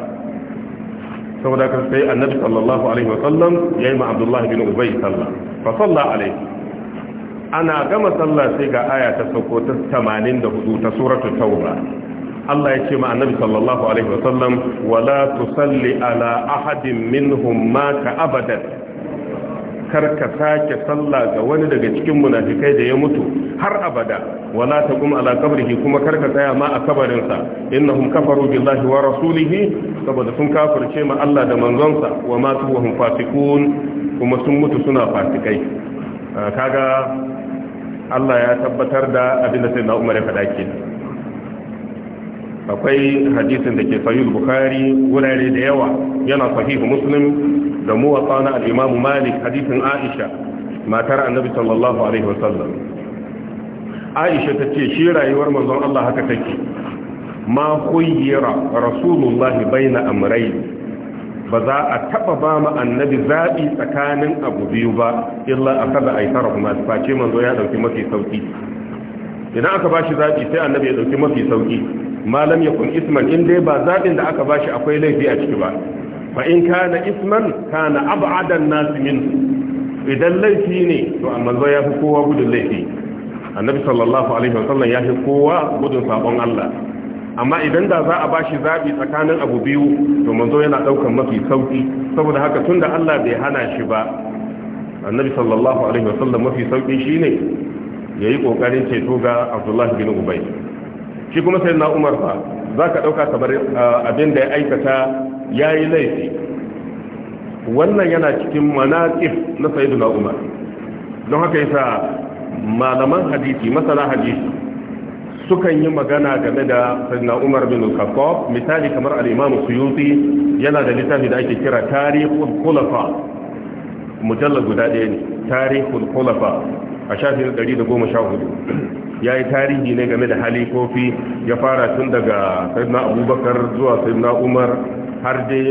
S1: saboda kan sai annabi sallallahu alaihi wa wasallam yayi ma Abdullah bin Ubay sallah fa sallallahu alaihi ana gama sallah sai ga aya ta sauko ta 84 ta suratul tauba Allah ya ce ma annabi sallallahu alaihi wasallam wala tusalli ala ahadin minhum mata abadan karka sake sallah ga wani daga cikin munafikai da ya mutu har abada wala taqum ala qabrihi kuma karka tsaya ma a kabarin sa innahum kafaru billahi wa rasulihi saboda sun kafirce ma Allah da manzonsa wa matu wa hum kuma sun mutu suna fasikai kaga Allah ya tabbatar da abin da sayyidina Umar ya faɗa ke akwai hadisin da ke sahih bukhari wurare da yawa yana sahih muslim da muwatta na al-imam malik hadisin aisha matar annabi sallallahu alaihi wasallam aisha ce shi rayuwar manzon Allah haka take ma khuyyira rasulullahi baina amrayn ba za a taba ba mu annabi zaɓi tsakanin abu biyu ba illa yi aitara kuma face manzo ya ɗauki mafi sauki idan aka bashi zabi sai annabi ya dauki mafi sauƙi. malam yakun isman in dai ba zabin da aka ba shi akwai laifi a ciki ba Ba in kana isman kana ab'adan nas min idan laifi ne to amma zai ya fi kowa gudun laifi annabi sallallahu alaihi sallam ya fi kowa gudun sabon Allah amma idan da za a ba shi zaɓi tsakanin abu biyu to manzo yana ɗaukar mafi sauki saboda haka tunda Allah bai hana shi ba annabi sallallahu alaihi wasallam mafi sauki shine yayi kokarin ceto ga abdullahi bin ubai shi kuma sai na Umar fa zaka dauka kamar abin da ya aikata yayi laifi wannan yana cikin manaqif na sayyidina Umar don haka yasa malaman hadisi masana hadisi sukan yi magana game da sayyidina Umar bin khattab misali kamar al-Imam Suyuti yana da littafi da ake kira Tarikhul Khulafa mujallad guda ɗaya ne Tarikhul Khulafa a shafin 114 yayi tarihi ne game da halikofi ya fara tun daga sayyidina Abubakar zuwa sayyidina Umar har dai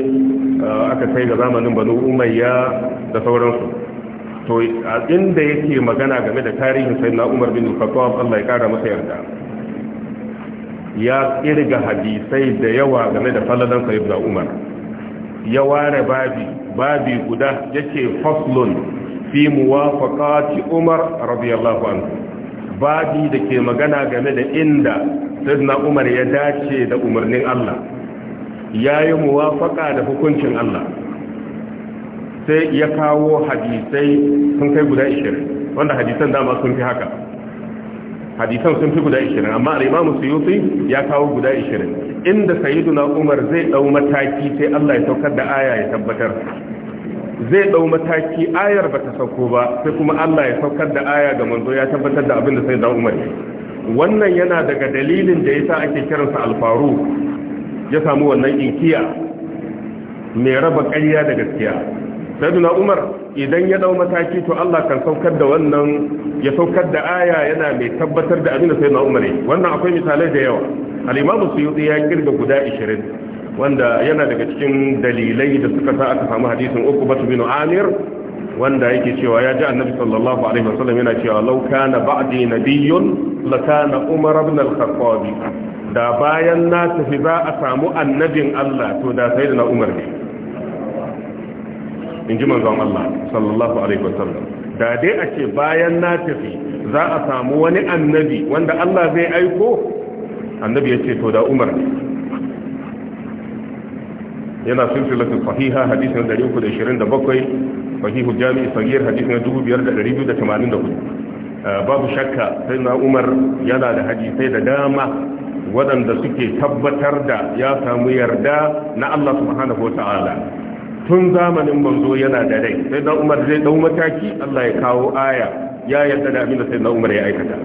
S1: uh, aka kai ga zamanin Banu Umayya da sauransu to a inda yake magana game da tarihin Sayyidina umar bin khattab Allah ya kara masa yarda ya kirga hadisai da yawa game da falalan sayyidina umar ya ware babi babi guda yake faslun fi muwafaqati umar radiyallahu anhu babi da ke magana game da inda sayyidina umar ya dace da umarnin Allah yayi muwafaqa da hukuncin Allah sai ya kawo hadisai sun kai guda 20 wanda hadisan dama sun fi haka hadisan sun fi guda 20 amma al-imamu suyuti ya kawo guda 20 inda sayyiduna umar zai dau mataki sai Allah ya saukar da aya ya tabbatar zai dau mataki ayar bata sauko ba sai kuma Allah ya saukar da aya ga manzo ya tabbatar da abin da sayyiduna umar wannan yana daga dalilin da yasa ake kiransa al faru ya samu wannan inkiya mai raba ƙarya da gaskiya sayyiduna umar idan ya dau mataki to Allah kan saukar da wannan ya saukar da aya yana mai tabbatar da abin da sayyiduna umar yi wannan akwai misalai da yawa al-imam suyuti ya kirga guda 20 wanda yana daga cikin dalilai da suka sa aka samu hadisin uqbah bin amir wanda yake cewa ya ji annabi sallallahu alaihi wasallam yana cewa law kana ba'di nabiyyun la kana umar ibn al-khattab da bayan na tafi za a samu annabin Allah to da sayyidina umar ne in ji manzon Allah sallallahu alaihi wasallam da dai a ce bayan na tafi za a samu wani annabi wanda Allah zai aiko annabi ya ce to da umar yana silsilatu sahiha hadisin 327 sahihu jami'i sahihar hadisin 2284 uh, babu shakka sai na umar yana da hadisai da dama waɗanda suke tabbatar da ya samu yarda na Allah subhanahu wa ta'ala tun zamanin manzo yana da rai sai da umar zai dau mataki Allah ya kawo aya ya yarda da abin da sai da umar ya aikata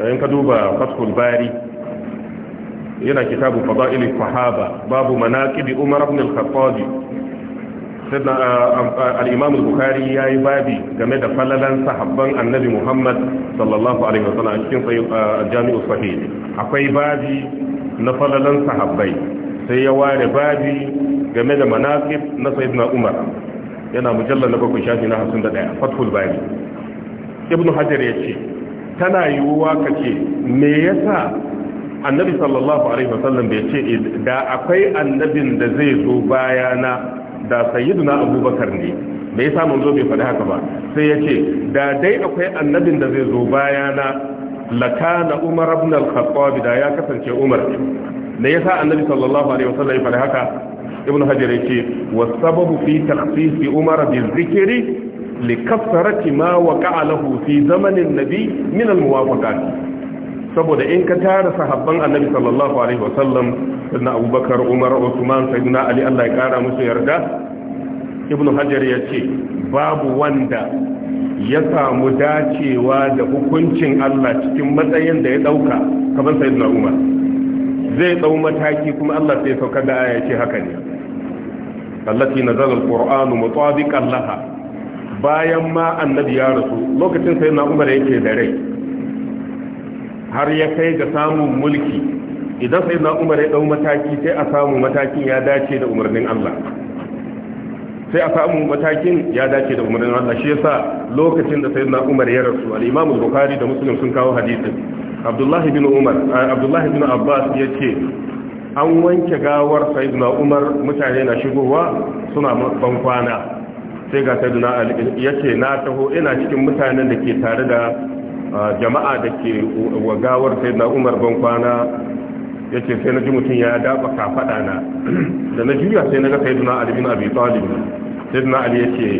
S1: eh, in ka duba fathul bari yana kitabu fada'il sahaba babu manaqib umar ibn al-khattab sai ah, ah, al-imam al-bukhari yayi babi game da falalan sahabban annabi muhammad sallallahu alaihi wasallam cikin sahih jami'u sahih akwai babi na falalan sahabbai sai ya ware babi game da manaqib na sayyidina umar yana mujallal na bakwai shafi na 51 fathul bari ibnu hajar yace tana yiwuwa kace me yasa annabi sallallahu alaihi wasallam bai ce da akwai annabin da zai zo bayana da Sayyidina abubakar ne bai samu zo bai faɗi haka ba sai ya ce da dai akwai annabin da zai zo bayana lakana umar ibn al-khattab da ya kasance umar ne yasa annabi sallallahu alaihi wasallam ya fara haka ibn hajar yace wa sababu fi takhsis umar bi dhikri li kasrati ma waqa'a lahu fi zamanin nabi min al-muwafaqat saboda in ka tara sahabban annabi sallallahu alaihi wasallam sayyidina abubakar umar usman sayyidina ali Allah ya kara musu yarda ibn hajar yace babu wanda ya samu dacewa da hukuncin Allah cikin matsayin da ya dauka kamar sayyidina Umar zai dau mataki kuma Allah sai sauka da aya ce haka ne allati nazal alquran mutabiqan laha bayan ma annabi ya rasu lokacin sayyidina Umar yake da rai har ya kai ga samun mulki idan sayyidina Umar ya dau mataki sai a samu matakin ya dace da umarnin Allah sai a samu matakin ya dace da umarnin Allah shi yasa lokacin da sayyidina Umar ya rasu al-Imam bukhari da Muslim sun kawo hadisin Abdullah ibn Umar Abdullah ibn Abbas yace an wanke gawar sayyidina Umar mutane na shigowa suna bankwana sai ga sayyidina Ali yace na taho ina cikin mutanen da ke tare da jama'a da ke wa gawar sayyidina Umar bankwana. ya ce sai na ji mutum ya dafa kafaɗa na da na juya sai na ga sai duna bin abi talib sai duna ali ya ce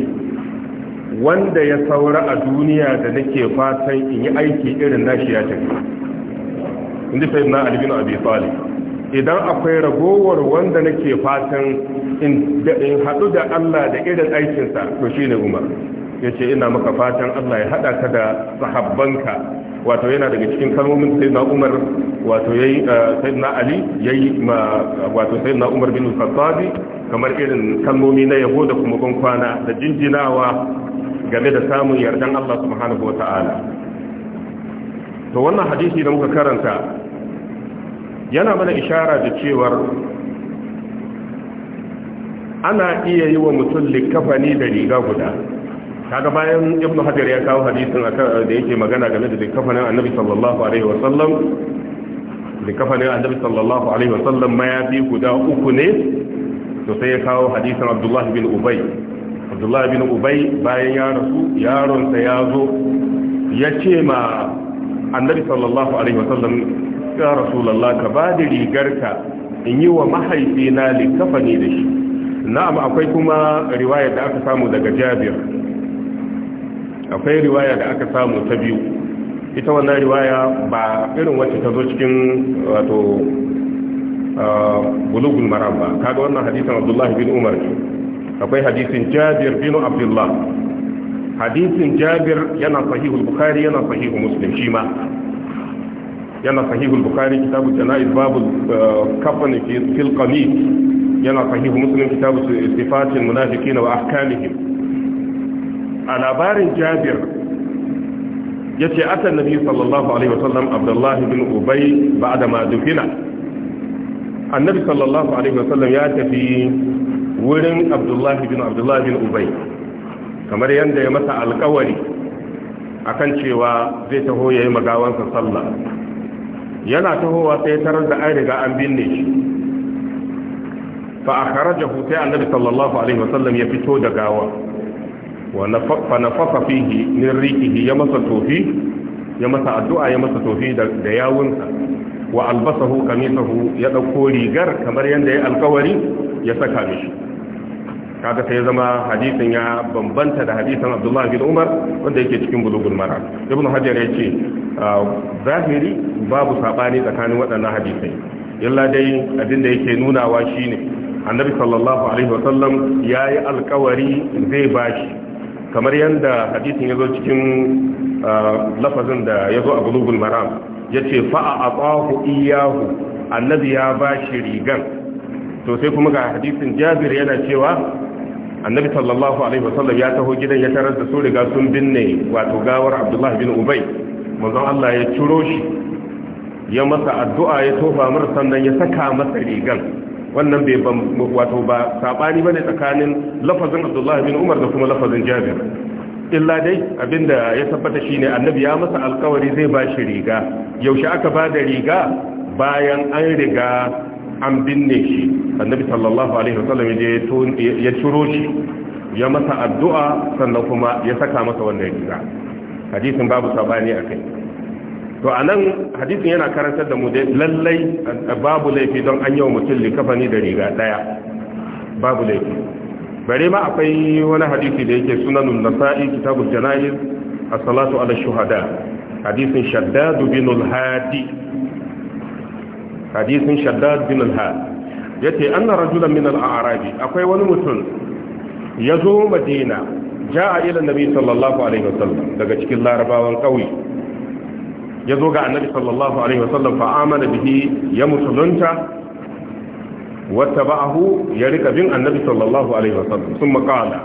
S1: wanda ya saura a duniya da nake fatan in yi aiki irin shi ya tafi inda sai duna bin abi talib idan akwai ragowar wanda nake fatan in haɗu da allah da irin aikinsa to shi ne umar yace ina maka fatan Allah ya hada ka da sahabbanka wato yana daga cikin kalmomin na Umar wato yayi eh, na Ali yayi ma wato na Umar bin Khattab kamar irin kalmomi na yabo da kuma kwana da jinjinawa game da samun yardan Allah subhanahu wataala to wannan hadisi da muka karanta yana mana ishara da cewar ana iya yi wa mutum likafani da riga guda kaga bayan ibnu hajar ya kawo hadisin akan da yake magana game da likafanin annabi sallallahu alaihi wa sallam likafanin annabi sallallahu alaihi wa sallam mayafi guda uku ne to sai ya kawo hadisin abdullahi bin ubay abdullahi bin ubay bayan ya rasu yaronsa ya zo ya ce ma annabi sallallahu alaihi wa sallam ya rasulullah ka ba da rigarka in yi wa mahaifina likafani da shi na'am akwai kuma riwaya da aka samu daga jabir akwai riwaya da aka samu ta biyu ita wannan riwaya ba irin wacce ta zo cikin wato ah, bulugul maram ba kaga wannan hadisin abdullah bin umar ne akwai hadisin jabir bin abdullah hadisin jabir yana sahihul bukhari yana sahihul muslim shi ma yana sahihul bukhari kitabu janaiz babu ah, kafani fil qamis yana sahihul muslim kitabu sifatil munafiqina wa ahkamihim a labarin jabir ya ce atan nabi sallallahu alaihi wasallam abdullahi bin ubai ba da madufina annabi sallallahu alaihi wasallam ya tafi wurin abdullahi bin abdullahi bin ubai kamar yadda ya masa alkawari akan cewa zai taho ya yi magawansa sallah yana tahowa sai tarar da an riga an binne shi fa a kharajahu sai annabi sallallahu alaihi wasallam ya fito da gawa wa nafafa fihi min riqihi ya masa tofi ya masa addu'a ya masa tofi da yawunsa wa albasahu kamisahu ya dauko rigar kamar yanda ya alkawari ya saka mishi kaga sai zama hadisin ya bambanta da hadisin Abdullah bin Umar wanda yake cikin bulugul mara ibn Hajar yace ah, zahiri babu sabani tsakanin waɗannan hadisai illa dai abinda yake nunawa shine annabi sallallahu alaihi wasallam yayi alkawari zai bashi kamar yadda hadisin ya zo cikin ah, lafazin da ya zo a bulugul maram ya ce fa'a a tsahu iyahu annabi ya ba shi rigan to sai kuma ga hadisin jabir yana cewa annabi sallallahu alaihi wasallam ya taho gidan ya tarar da su riga sun binne wato gawar abdullahi bin ubai mazan Allah ya ciro shi ya masa addu'a ya tofa mar sannan ya saka masa rigan wannan bai ban wato ba sabani bane tsakanin lafazin Abdullah bin Umar da kuma lafazin Jabir illa dai abinda ya tabbata shine annabi ya masa alƙawari zai ba shi riga yaushe aka ba da riga bayan an riga an binne shi annabi sallallahu alaihi wasallam ya ciro shi ya masa addu'a sannan kuma ya saka masa wannan riga hadisin babu sabani akai to a nan hadisin yana karantar da mu dai lallai babu laifi don an yau mutum likafani da riga daya babu laifi bare ma akwai wani hadisi da yake sunanun nasa'i kitabul jana'iz as-salatu ala shuhada hadisin shaddad bin al-hadi hadisin shaddad bin al-hadi yace anna rajulan min al-a'rabi akwai wani mutum yazo madina ja'a ila nabi sallallahu alaihi wasallam daga cikin larabawan kauye ya zo ga annabi sallallahu alaihi wasallam fa amana bihi ya musulunta wata ba'ahu ya rika bin annabi sallallahu alaihi wasallam sun makala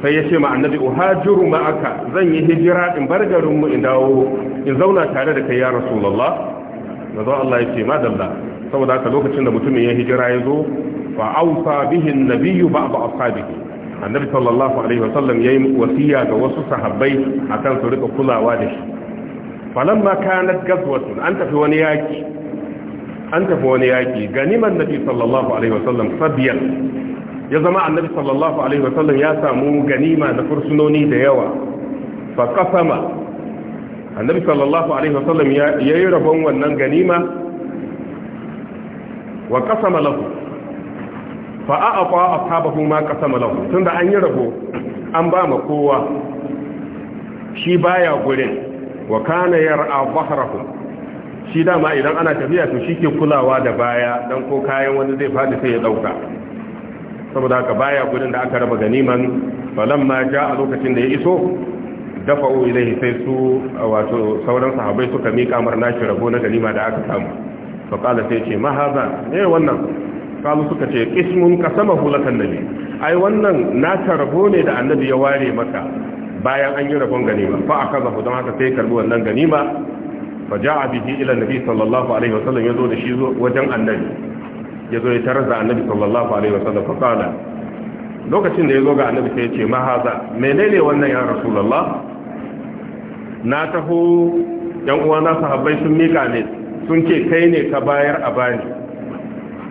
S1: sai ya ce ma annabi uhajiru ma'aka zan yi hijira in bar garinmu in dawo in zauna tare da kai ya rasulullah da zo Allah ya ce ma dalla. saboda haka lokacin da mutumin ya hijira ya zo fa ausa bihi annabiyyu ba'd ashabihi annabi sallallahu alaihi wasallam yayi wasiya ga wasu sahabbai akan su rika kulawa da shi falamma kanat gazwatun an tafi wani yaki an tafi wani yaki ganiman nabi sallallahu alaihi wasallam sabiyan ya zama annabi sallallahu alaihi wasallam ya samu ganima da fursunoni da yawa fa qasama annabi sallallahu alaihi wasallam ya yi rabon wannan ganima wa qasama lahu fa a'ata ashabahu ma qasama lahu tunda an yi rabo an ba ma kowa shi baya gurin wa kana yar'a bahrahum shi dama idan ana tafiya to shike kulawa da baya dan ko kayan wani zai fadi sai ya dauka saboda haka baya gudun da aka raba ganiman falamma ja a lokacin da ya iso dafa'u ilaihi sai su wato sauran sahabbai suka mika marna nashi rabo na ganima da aka samu fa kala sai ce ma haza eh wannan kalu suka ce ismun qasamahu lakan nabi ai wannan na rabo ne da annabi ya ware maka bayan an yi rabon ganima fa aka zafu don haka sai karbi wannan ganima fa ja'a bihi ila nabi sallallahu alaihi wasallam zo da shi wajen annabi ya zo ya tarza annabi sallallahu alaihi wasallam fa kana lokacin da ya zo ga annabi sai ya ce ma haza menene wannan ya rasulullah na taho yan uwana sahabbai sun mika ne sun ce kai ne ka bayar a bani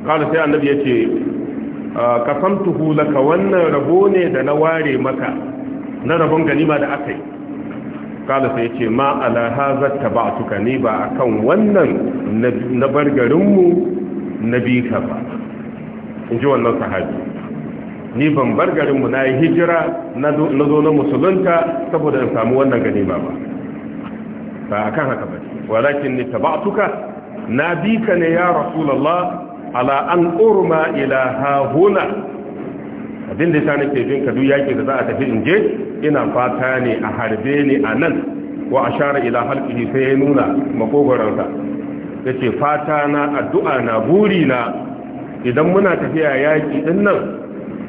S1: kala sai annabi ya ce ka ah, kasamtuhu laka wannan rabo ne da na ware maka na rabon ganima da aka yi kala sai ce ma ta haza tabatuka ni ba kan wannan na bargarinmu na bi ka ba in ji wannan sahabi ni ban bar garinmu na yi hijira na zo na musulunta saboda in samu wannan ganima ba ba kan haka ba walakin ni tabatuka na bi ka ne ya rasulullah ala an urma ila hahuna abin da yasa nake bin ka duk yaki da za a tafi in je ina fata ne a harbe ni a nan wa share ila halqihi sai ya nuna makogoransa ce fata na addu'a na buri na idan muna tafiya yaki din nan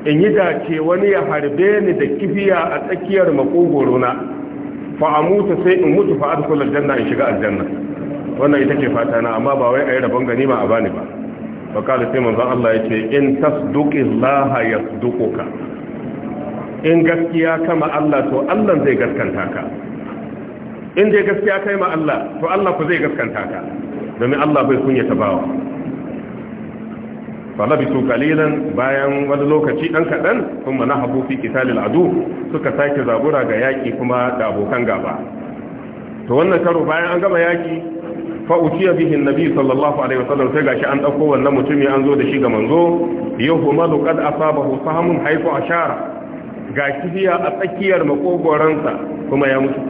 S1: in yi dace wani ya harbe ni da kifiya a tsakiyar makogoro na fa mutu sai in mutu fa adkhul janna in shiga aljanna wannan ita ce fata na amma ba wai a yi rabon ganima a bani ba bakala sai manzon Allah ya ce in tasduqillaha yasduquka in gaskiya kama Allah to Allah zai gaskanta ka in dai gaskiya kai ma Allah to Allah ku zai gaskanta ka domin Allah bai kunyata bawa Falabi falabisu kalilan bayan wani lokaci dan kadan kuma na nahabu fi qitalil adu suka sake zabura ga yaki kuma da abokan gaba to wannan karo bayan an gama yaki fa bihin Nabi sallallahu alaihi wasallam sai gashi an ɗauko wannan mutumin an zo da shi ga manzo yuhmalu qad asabahu sahmun haythu ashara ga kifiya a tsakiyar makogoransa kuma ya mutu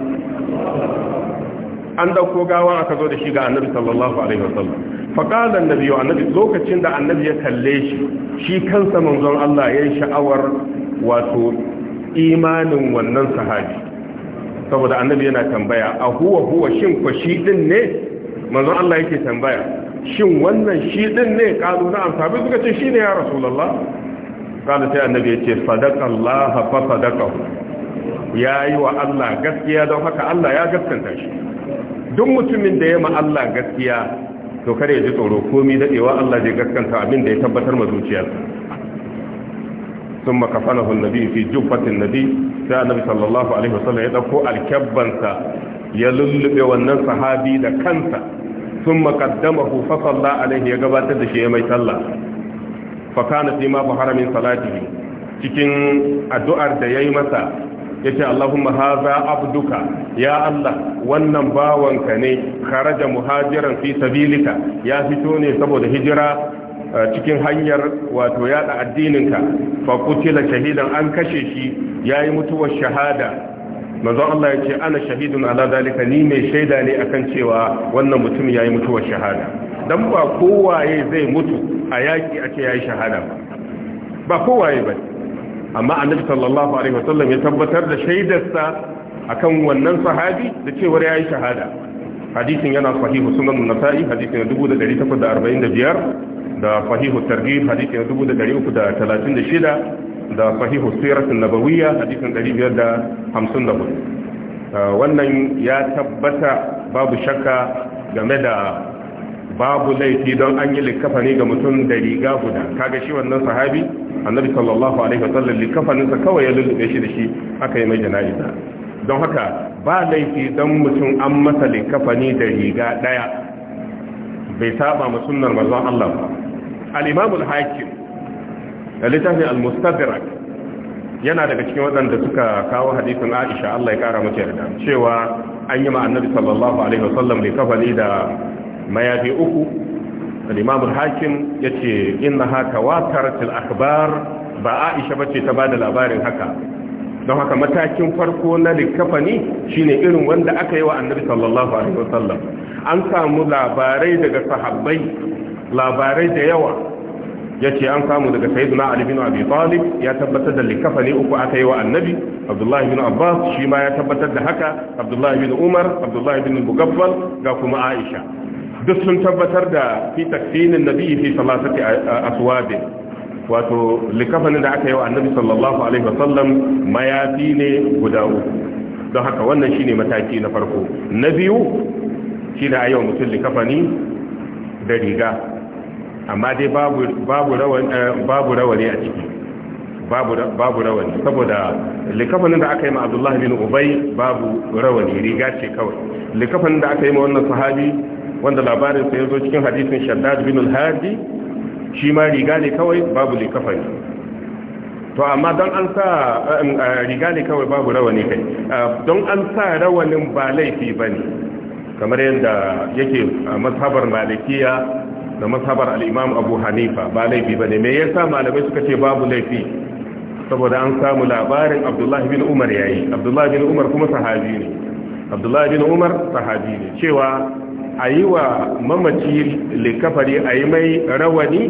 S1: an ɗauko gawan aka zo da shi ga annabi sallallahu alaihi wasallam fa qala annabi wa annabi lokacin da annabi ya kalle shi shi kansa manzon Allah yayin sha'awar wato imanin wannan sahabi saboda annabi yana tambaya a huwa huwa shin kwashi din ne manzon Allah yake tambaya shin wannan shi din ne kalu na amsa bai suka ce shine ya rasulullah kana sai annabi yace sadaqallahu fa sadaqahu yayi wa Allah gaskiya don haka Allah ya gaskanta shi duk mutumin da ya ma Allah gaskiya to kare ya ji tsoro komai dadewa Allah zai gaskanta abin da ya tabbatar ma zuciyarsa ثم كفنه النبي في جبة النبي سأل النبي صلى الله عليه ya dauko الكبنسة ya lullube wannan sahabi da kansa sun makaddama fa salla alaihi ya gabatar da shi ya mai sallah fa kana fi ma haramin salatihi cikin addu'ar da yayi masa yace Allahumma haza abduka ya Allah wannan bawanka ne kharaja muhajiran fi sabilika ya fito ne saboda hijira cikin hanyar wato yada addininka fa kutila shahidan an kashe shi yayi mutuwar shahada manzon Allah ya ce ana shahidun ala dalika ni mai shaida ne akan cewa wannan mutum yayi mutuwar shahada dan ba kowaye zai mutu a yaki ake yayi shahada ba kowaye ba amma annabi sallallahu alaihi wasallam ya tabbatar da shaidarsa akan wannan sahabi da cewar yayi shahada hadisin yana sahihu sunan nasa'i hadisin 1845 da sahihu targhib hadisin 1336 da sahihu siratun nabawiyya hadisin 554 ah, wannan ya tabbata babu shakka game da babu laifi don an yi likafani ga mutum da riga guda kaga shi wannan sahabi annabi sallallahu alaihi wasallam likafaninsa kawai ya lulluɓe shi da shi aka yi mai jana'iza don haka ba laifi don mutum an masa likafani da riga daya bai saba ma sunnar manzon Allah ba al-imamul hakim da littafin al-mustadrak yana daga cikin waɗanda suka kawo hadisin Aisha Allah ya kara mata yarda cewa an yi ma annabi sallallahu alaihi wasallam da kafani da mayafi uku al-imam al-hakim yace inna haka watarat al-akhbar ba Aisha bace ta bada labarin haka don haka matakin farko na likafani shine irin wanda aka yi wa annabi sallallahu alaihi wasallam an samu labarai daga sahabbai labarai da yawa Ya ce an samu daga sayyidina ali bin abi talib ya tabbatar da likafani uku aka yi wa annabi abdullahi bin abbas shi ma ya tabbatar da haka abdullahi bin umar abdullahi bin bugaffal ga kuma aisha duk sun tabbatar da fi takfinin nabi fi salasati aswabin wato likafanin da aka yi wa annabi sallallahu alaihi wasallam mayafi ne guda uku don haka wannan shine mataki na farko na biyu shi da ayyau mutum likafani da riga amma dai babu eh, babu rawani a ciki babu babu rawani saboda likafanin da aka yi ma Abdullah bin Ubay babu rawani riga ce kawai likafanin da aka yi ma wannan sahabi wanda labarin sa yazo cikin hadisin Shaddad bin al-Hadi shi ma riga ne kawai babu likafani to amma don an sa eh, eh, riga ne kawai babu rawani kai don an sa rawanin ba laifi ba ne kamar yadda yake mazhabar malikiya da masabar al'imam abu hanifa ba laifi ba ne mai yasa malamai suka ce babu laifi saboda an samu labarin abdullahi bin umar ya yi abdullahi bin umar kuma sahabi ne abdullahi bin umar sahabi ne cewa a yi wa mamaci likafari a yi mai rawani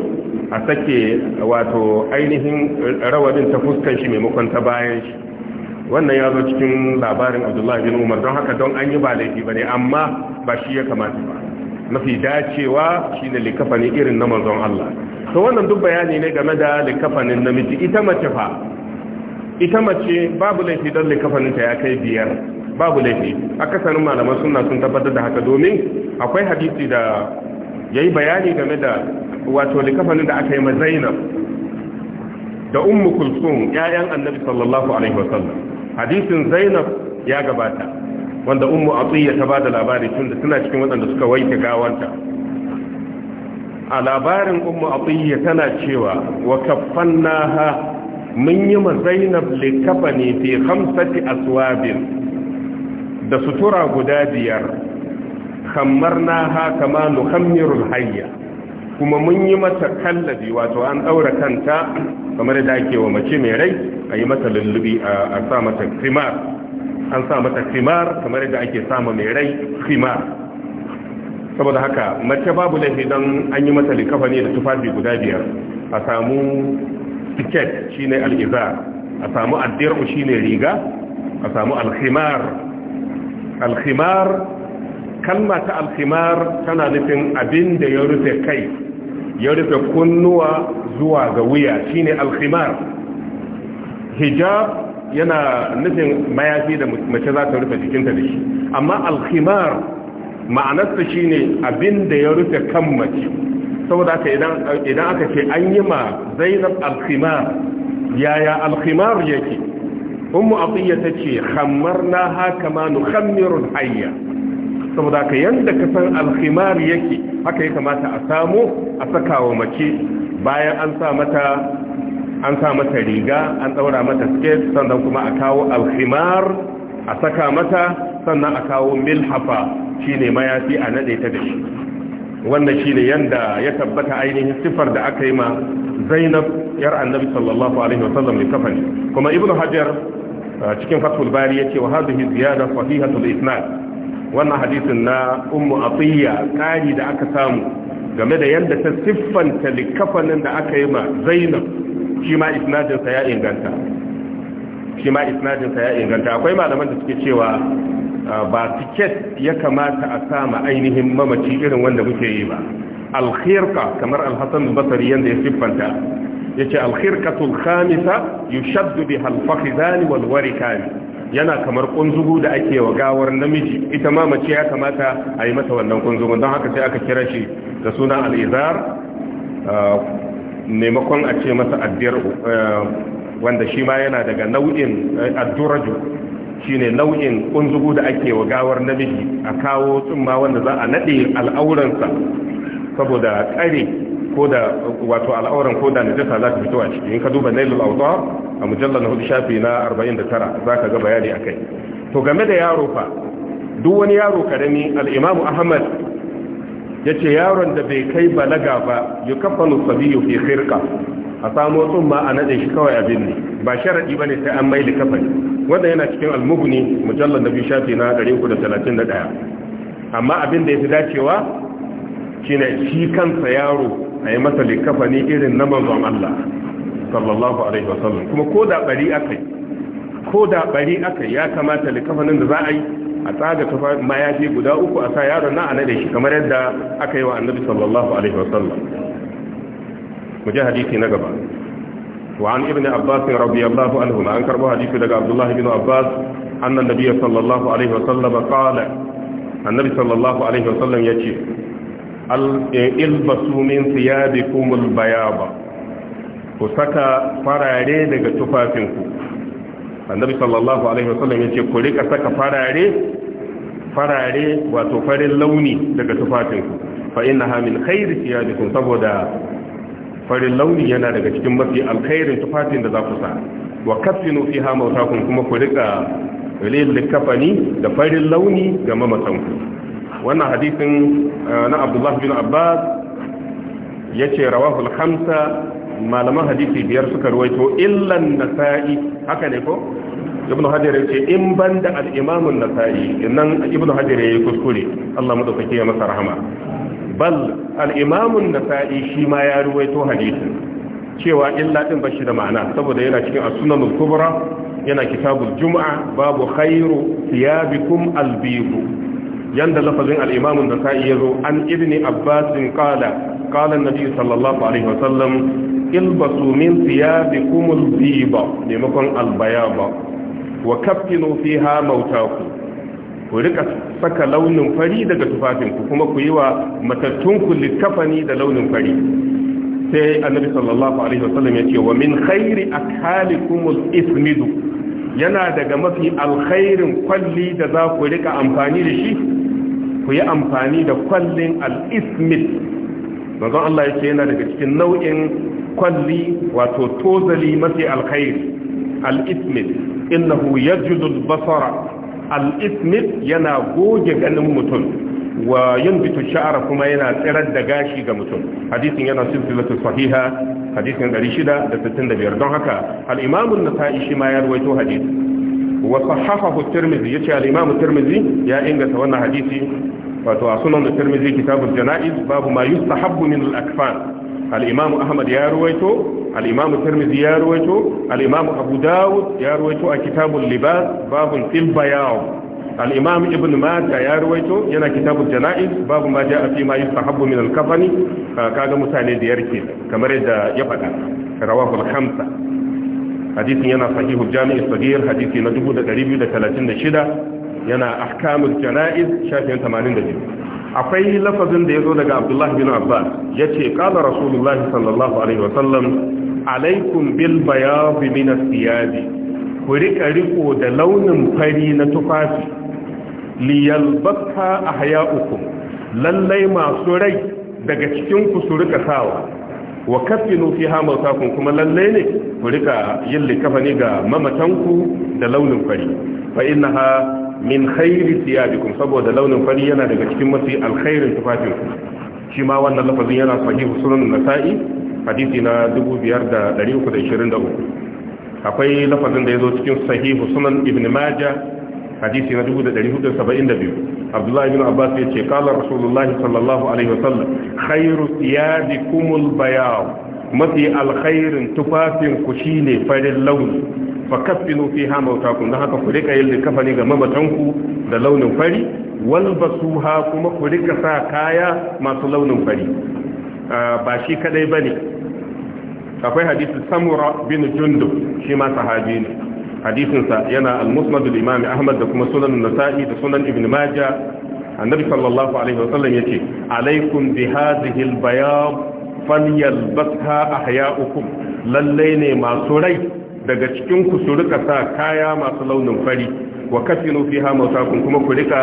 S1: a sake wato ainihin rawanin ta fuskan shi maimakon ta bayan shi wannan ya zo cikin labarin abdullahi bin umar don haka don an yi ba laifi ba ne amma ba shi ya kamata ba mafi dacewa shine likafani irin na manzon Allah to wannan duk bayani ne game da likafanin namiji ita mace fa ita mace babu laifi don likafanin ta ya kai biyar babu laifi akasarin malaman sunna sun tabbatar da haka domin akwai hadisi da yayi bayani game da wato likafanin da aka yi ma Zainab da ummu kulsum yayan annabi sallallahu alaihi wasallam hadisin Zainab ya gabata wanda ummu atiyya ta bada labari tun da tana cikin waɗanda suka wanke gawanta a labarin ummu atiyya tana cewa wa kaffannaha mun yi ma zainab likafani fi khamsati aswabin da sutura guda biyar khammarnaha kama nuhammirul hayya kuma mun yi mata kallabi wato an daura kanta kamar da ake wa mace mai rai a yi mata lullubi a sa mata primar an sa mata khimar kamar yadda ake sama mai rai khimar saboda haka mace babu laifi don an yi mata likafani da tufafi guda biyar a samu tiket shine al'iza a samu addir'u shine riga a samu alhimar alhimar kalma ta alhimar tana nufin abin da ya rufe kai ya rufe kunnuwa zuwa ga wuya shine alhimar hijab yana nufin mayafi da mace za ta rufe jikinta da shi amma alkhimar ma'anarsa shine abin da ya rufe kan mace saboda idan aka ce an yi ma zainab alkhimar yaya alkhimar yake ummu ce tace na haka ma nukhammirul hayya saboda haka ka san alkhimar yake haka ya kamata a samu a sakawa mace bayan an sa mata an sa mata riga an daura mata skirt sannan kuma a kawo alhimar a saka mata sannan a kawo milhafa shine mayafi a nade ta da shi wannan shine yanda ya tabbata ainihin sifar da aka yi ma Zainab yar Annabi sallallahu alaihi wasallam ne kafani kuma Ibn Hajar cikin Fathul Bari yace wa hadhihi ziyada sahihatul isnad wannan hadisin na Ummu Atiyya kari da aka samu game da yadda ta siffanta likafanin da aka yi ma zainab shi ma isnadinsa ya inganta akwai malaman da suke cewa ah, ba tiket ya kamata a sama ainihin mamaci irin wanda muke yi ba alkhirka kamar alhassan basari yanda ya siffanta ya ce alkhirkatul khamisa yushaddu biha alfakhizani walwari yana kamar kunzugu da ake wa gawar namiji ita mamaci ya kamata a yi mata wannan kunzugu don haka sai aka kira shi da sunan al'izar ah, maimakon a ce masa addiyar eh, wanda shi ma yana daga nau'in eh, adduraju shine nau'in kunzugu da ake wa gawar namiji a kawo tsumma wanda za a naɗe al'auransa saboda kare ko da wato al'auran ko da najasa za ta fito a ciki in ka duba nailul auto a mujallar na hudu shafi na 49 ka ga bayani a kai. to game da yaro fa duk wani yaro karami al-imamu ahmad yace yaron da bai kai balaga ba yukafanu sabiyu fi khirqa a samo tsumma a nade shi kawai abin ne ba ba ne sai an mai likafani wanda yana cikin mujallar mujallal nabi shafi na 331 amma abin da fi dacewa shine shi kansa yaro a yi masa likafani irin na manzon Allah sallallahu alaihi wasallam kuma ko da bari akai ko ya kamata likafanin da za a yi a tsaga tufa mayafi guda uku a sa yaron na ana da shi kamar yadda aka yi wa annabi sallallahu alaihi wasallam mu ji hadisi na gaba وعن ابن عباس رضي الله عنهما أنكر به حديث لك عبد الله بن عباس أن النبي صلى الله عليه وسلم قال النبي صلى الله عليه وسلم يجي البسوا من ثيابكم ku saka farare daga tufafinku annabi sallallahu alaihi wasallam ce ku rika saka farare farare wato farin launi daga tufafinku fa innaha min khairi siyajikum saboda farin launi yana daga cikin mafi alkhairin tufafin da za ku sa wa kafinu fiha mautakum kuma ku rika lil kafani da farin launi ga mamatanku wannan hadisin eh, na Abdullah bin Abbas yace rawahu al-khamsa malaman hadisi biyar suka ruwaito illan nasa'i haka ne ko ibnu hajar yace in banda al-imam an-nasa'i nan ibnu hajar yayi kuskure Allah madaukake ya masa rahama bal al-imam an-nasa'i shi ma ya ruwaito hadisin cewa illa din bashi da ma'ana saboda yana cikin as-sunan al-kubra yana kitabul jum'a babu khairu thiyabikum al bayd yanda lafazin al'imamun da an-nasa'i zo an ibni abbas qala qala an biyu sallallahu alaihi wasallam ilbasu min thiyabikum al-biba maimakon al-bayaba wa kaffinu fiha mautakum ku rika saka launin fari daga tufafinku kuma ku yi wa matattunku littafani da launin fari sai annabi sallallahu alaihi wasallam ya ce wa min khairi akhalikumul ismidu yana daga mafi alkhairin kwalli da za ku rika amfani da shi ku yi amfani da kwallin alismit ismit manzon Allah yake yana daga cikin nau'in kwalli wato tozali mafi alkhair al-ismit innahu yajudu al-basara al yana goge ganin mutum wa yanbitu sha'ra kuma yana tsirar da gashi ga mutum hadisin yana silsilatu sahiha hadisin 665 don haka al-imam an-nasa'i shi ma ya rawaito hadisi wa sahahahu tirmidhi yace al-imam tirmidhi ya inganta wannan hadisi wato a sunan tirmidhi kitabul janaiz babu ma yustahabbu min akfan al ahmad ya ruwaito al-imam ya ruwaito al-imam ya ruwaito a kitabul libas babun fil bayan al ibn majah ya ruwaito yana kitabul janaiz babu ma jaa fi ma yustahabbu min al kaga mutane da yarke kamar yadda ya faɗa rawahu al hadisin yana sahihul jami'i sagir hadisi na 2236 yana ahkamul janaiz shafin 82 akwai lafazin da ya zo daga Abdullah bin Abbas ce, kada rasulullah sallallahu alaihi wa sallam alaikum bil bayad min as-siyab ku rika riko da launin fari na tufafi liyalbaka ahya'ukum lallai masu rai daga cikin ku su rika sawa wa kafinu fi mautakun kuma lalle ne ku rika yin likafani ga mamatanku da launin fari fa innaha min khairi siyabikum saboda launin fari yana daga cikin mafi alkhairin tufafinku shi ma wannan lafazin yana sahihu sunan nasa'i hadisi na 5323 akwai lafazin da yazo cikin sahihu sunan ibn majah hadisi na 1472 abdullahi bin abbas ya ce kala rasulullahi sallallahu alaihi wasallam khairu iyadikumul bayaw mafi alkhairin tufafin ku shine farin launi fa kaffinu fiha mautakum dan haka ku rika yin kafani ga mamatanku da launin fari walbasuha kuma ku rika sa kaya masu launin fari ah, ba shi kadai bane akwai hadisi samura bin jundub shi ma sahabi ne hadisinsa yana al-musnad al-imam ahmad da kuma sunan nasa'i da sunan ibn majah annabi sallallahu alaihi sallam yace alaikum bi hadhihi al-bayad falyalbasha ahya'ukum lalle ne masu rai daga cikin ku su rika sa kaya masu launin fari wa kafinu fiha mawtakum kuma ku rika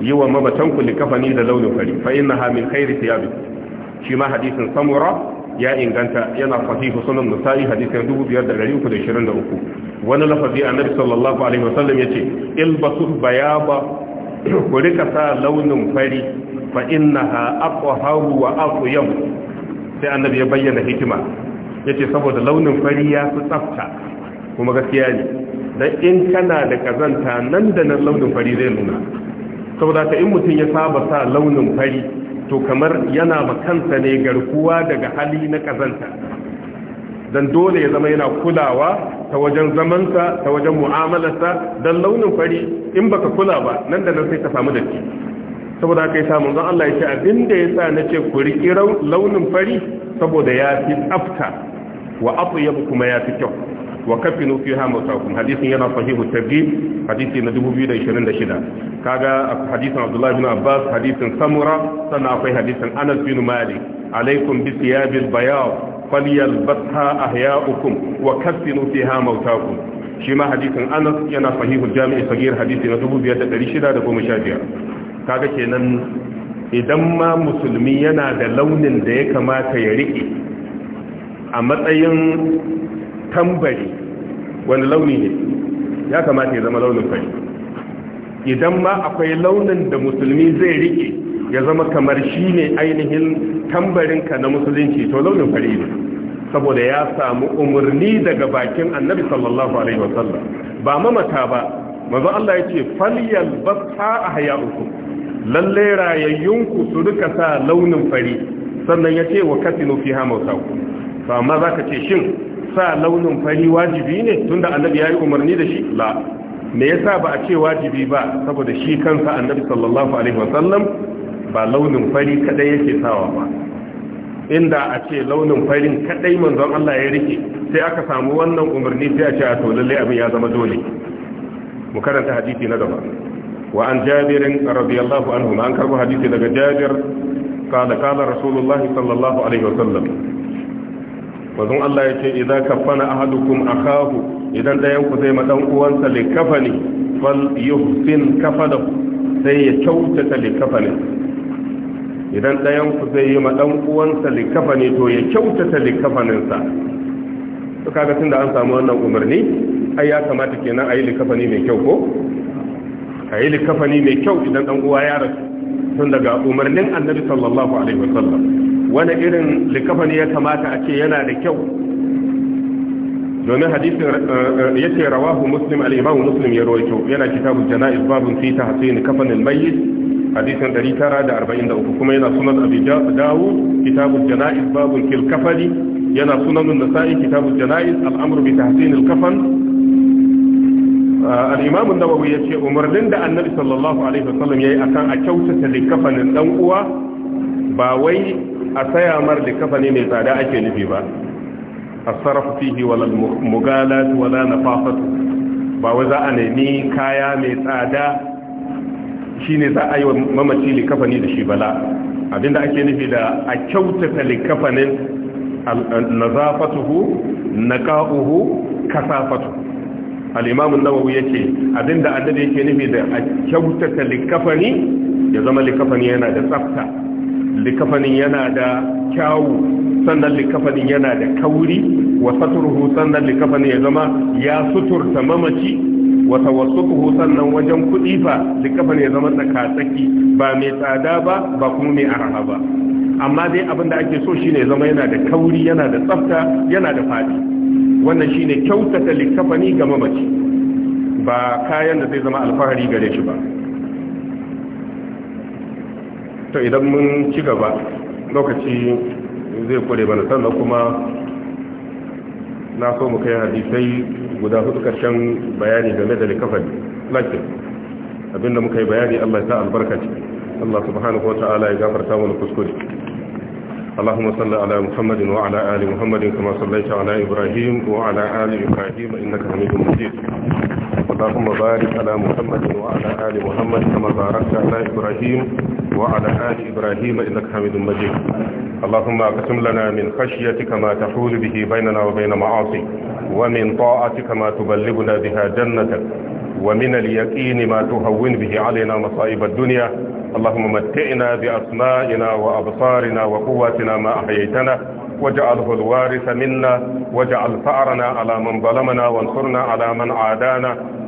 S1: yi wa mabatan ku likafani da launin fari fa innaha min khairi thiyabikum shi ma hadisin samura ya inganta yana sahihu sunan nasa'i da uku wani lafazi annabi sallallahu alaihi wasallam yace ilbasu bayaba [CLEARS THROAT] ku rika sa launin fari fa innaha aqharu wa aqyam sai annabi ya bayyana hikima yace saboda launin fari ya fi tsafta kuma gaskiya ne dan in kana da kazanta nan da nan launin fari zai nuna saboda ka in mutun ya saba sa launin fari to kamar yana ba kansa ne garkuwa daga hali na kazanta dan dole ya zama yana kulawa ta wajen zamansa ta wajen mu'amalarsa don launin fari in baka kula ba nan da nan sai ka samu datti saboda haka yasa manzo Allah ya ce abinda yasa nace ku riki launin fari saboda ya fi tsafta wa atyab kuma ya fi kyau wa kafinu fiha mutakum hadithin yana sahihu tabib hadisi na 2026 kaga hadithin Abdullah ibn Abbas hadithin Samura sannan akwai hadithin Anas bin Malik alaikum bi thiyabil bayad falyalbasha ahya'ukum wa kafinu fiha mautakum shi ma hadithin Anas yana sahihu jami'i sagir hadisi na 2615 kaga kenan idan ma musulmi yana da launin da ya kamata ya rike a matsayin tambari wani launi ne ya kamata ya zama launin fari idan ma akwai launin da musulmi zai rike ya zama kamar shi ne ainihin tambarinka na musulunci to launin fari ne saboda ya samu umarni daga bakin annabi sallallahu alaihi wasallam ba mamata ba manzo Allah yace falyal basha ahya'ukum lalle rayayyunku su duka sa launin fari sannan yace wa katinu fiha ba ma amma zaka ce shin sa launin fari wajibi ne tunda annabi ya yi umarni da shi la me yasa ba a ce wajibi ba saboda shi kansa annabi sallallahu alaihi wasallam ba launin fari kadai yake sawa ba inda a ce launin farin kadai manzon Allah ya rike sai aka samu wannan umarni sai a ce a to lalle abin ya zama dole mu karanta hadisi na gaba wa an radiyallahu anhu an karbo hadisi daga jabir قال قال رسول الله صلى الله عليه وسلم bazon Allah ya ce idan kafana ahadukum akahu idan ɗayan ku zai madan uwansa likafani fal yuhsin kafada sai ya kyautata likafani idan ɗayan ku zai yi madan uwansa likafani to ya kyautata likafanin sa to kaga tunda an samu wannan umarni ai ya kamata kenan a yi likafani mai kyau ko yi likafani mai kyau idan dan uwa ya rasu tun daga umarnin annabi sallallahu alaihi wasallam wani irin likafani ya kamata a ce yana da kyau domin hadisin eh, eh, ya ce rawahu muslim al'imamu muslim ya rawaito yana kitabun jana'iz babun fi ta hasini kafanin mayyit hadisin 943 kuma yana sunan abi dawo kitabun jana'iz babun fil kafani yana sunanun nasa'i kitabun jana'iz al'amru bi tahsinil kafan eh, al'imamu nawawi ya ce umarnin da annabi sallallahu alaihi wasallam ya yi a kan a kyautata likafanin ɗan uwa ba wai a saya mar likafani mai tsada ake nufi ba asarafu fihi wala mugala wala nafafatu ba wai za a nemi kaya mai tsada shine za a yi wa mamaci likafani da shi bala abinda ake nufi da a kyautata likafanin nazafatuhu naqa'uhu kasafatu al-imam an-nawawi yace abinda annabi yake nufi da a kyautata likafani ya zama likafani yana da tsafta likafanin yana da kyawu sannan likafanin yana da kauri wa saturhu sannan likafanin ya zama ya suturta mamaci wa sannan wajen kudi fa likafanin ya zama tsakatsaki ba mai tsada ba ba kuma mai arha ba amma dai abin da ake so shine zama yana da kauri yana da tsafta yana da fadi wannan shine kyautata likafani ga mamaci ba kayan da zai zama alfahari gare shi ba to idan mun ci gaba lokaci zai kure mana sannan kuma na so mu kai hadisai guda hudu karshen bayani game da likafani lakin abinda muka yi bayani Allah ya sa albarka ce Allah subhanahu wa ta'ala ya gafarta mana kuskure اللهم صل على محمد وعلى آل محمد كما صليت على إبراهيم وعلى آل إبراهيم إنك حميد مجيد اللهم بارك على محمد وعلى آل محمد كما باركت على إبراهيم وعلى آل إبراهيم إنك حميد مجيد اللهم اقسم لنا من خشيتك ما تحول به بيننا وبين معاصيك ومن طاعتك ما تبلغنا بها جنتك ومن اليقين ما تهون به علينا مصائب الدنيا اللهم متئنا بأسمائنا وأبصارنا وقواتنا ما أحييتنا واجعله الوارث منا واجعل فأرنا على من ظلمنا وانصرنا على من عادانا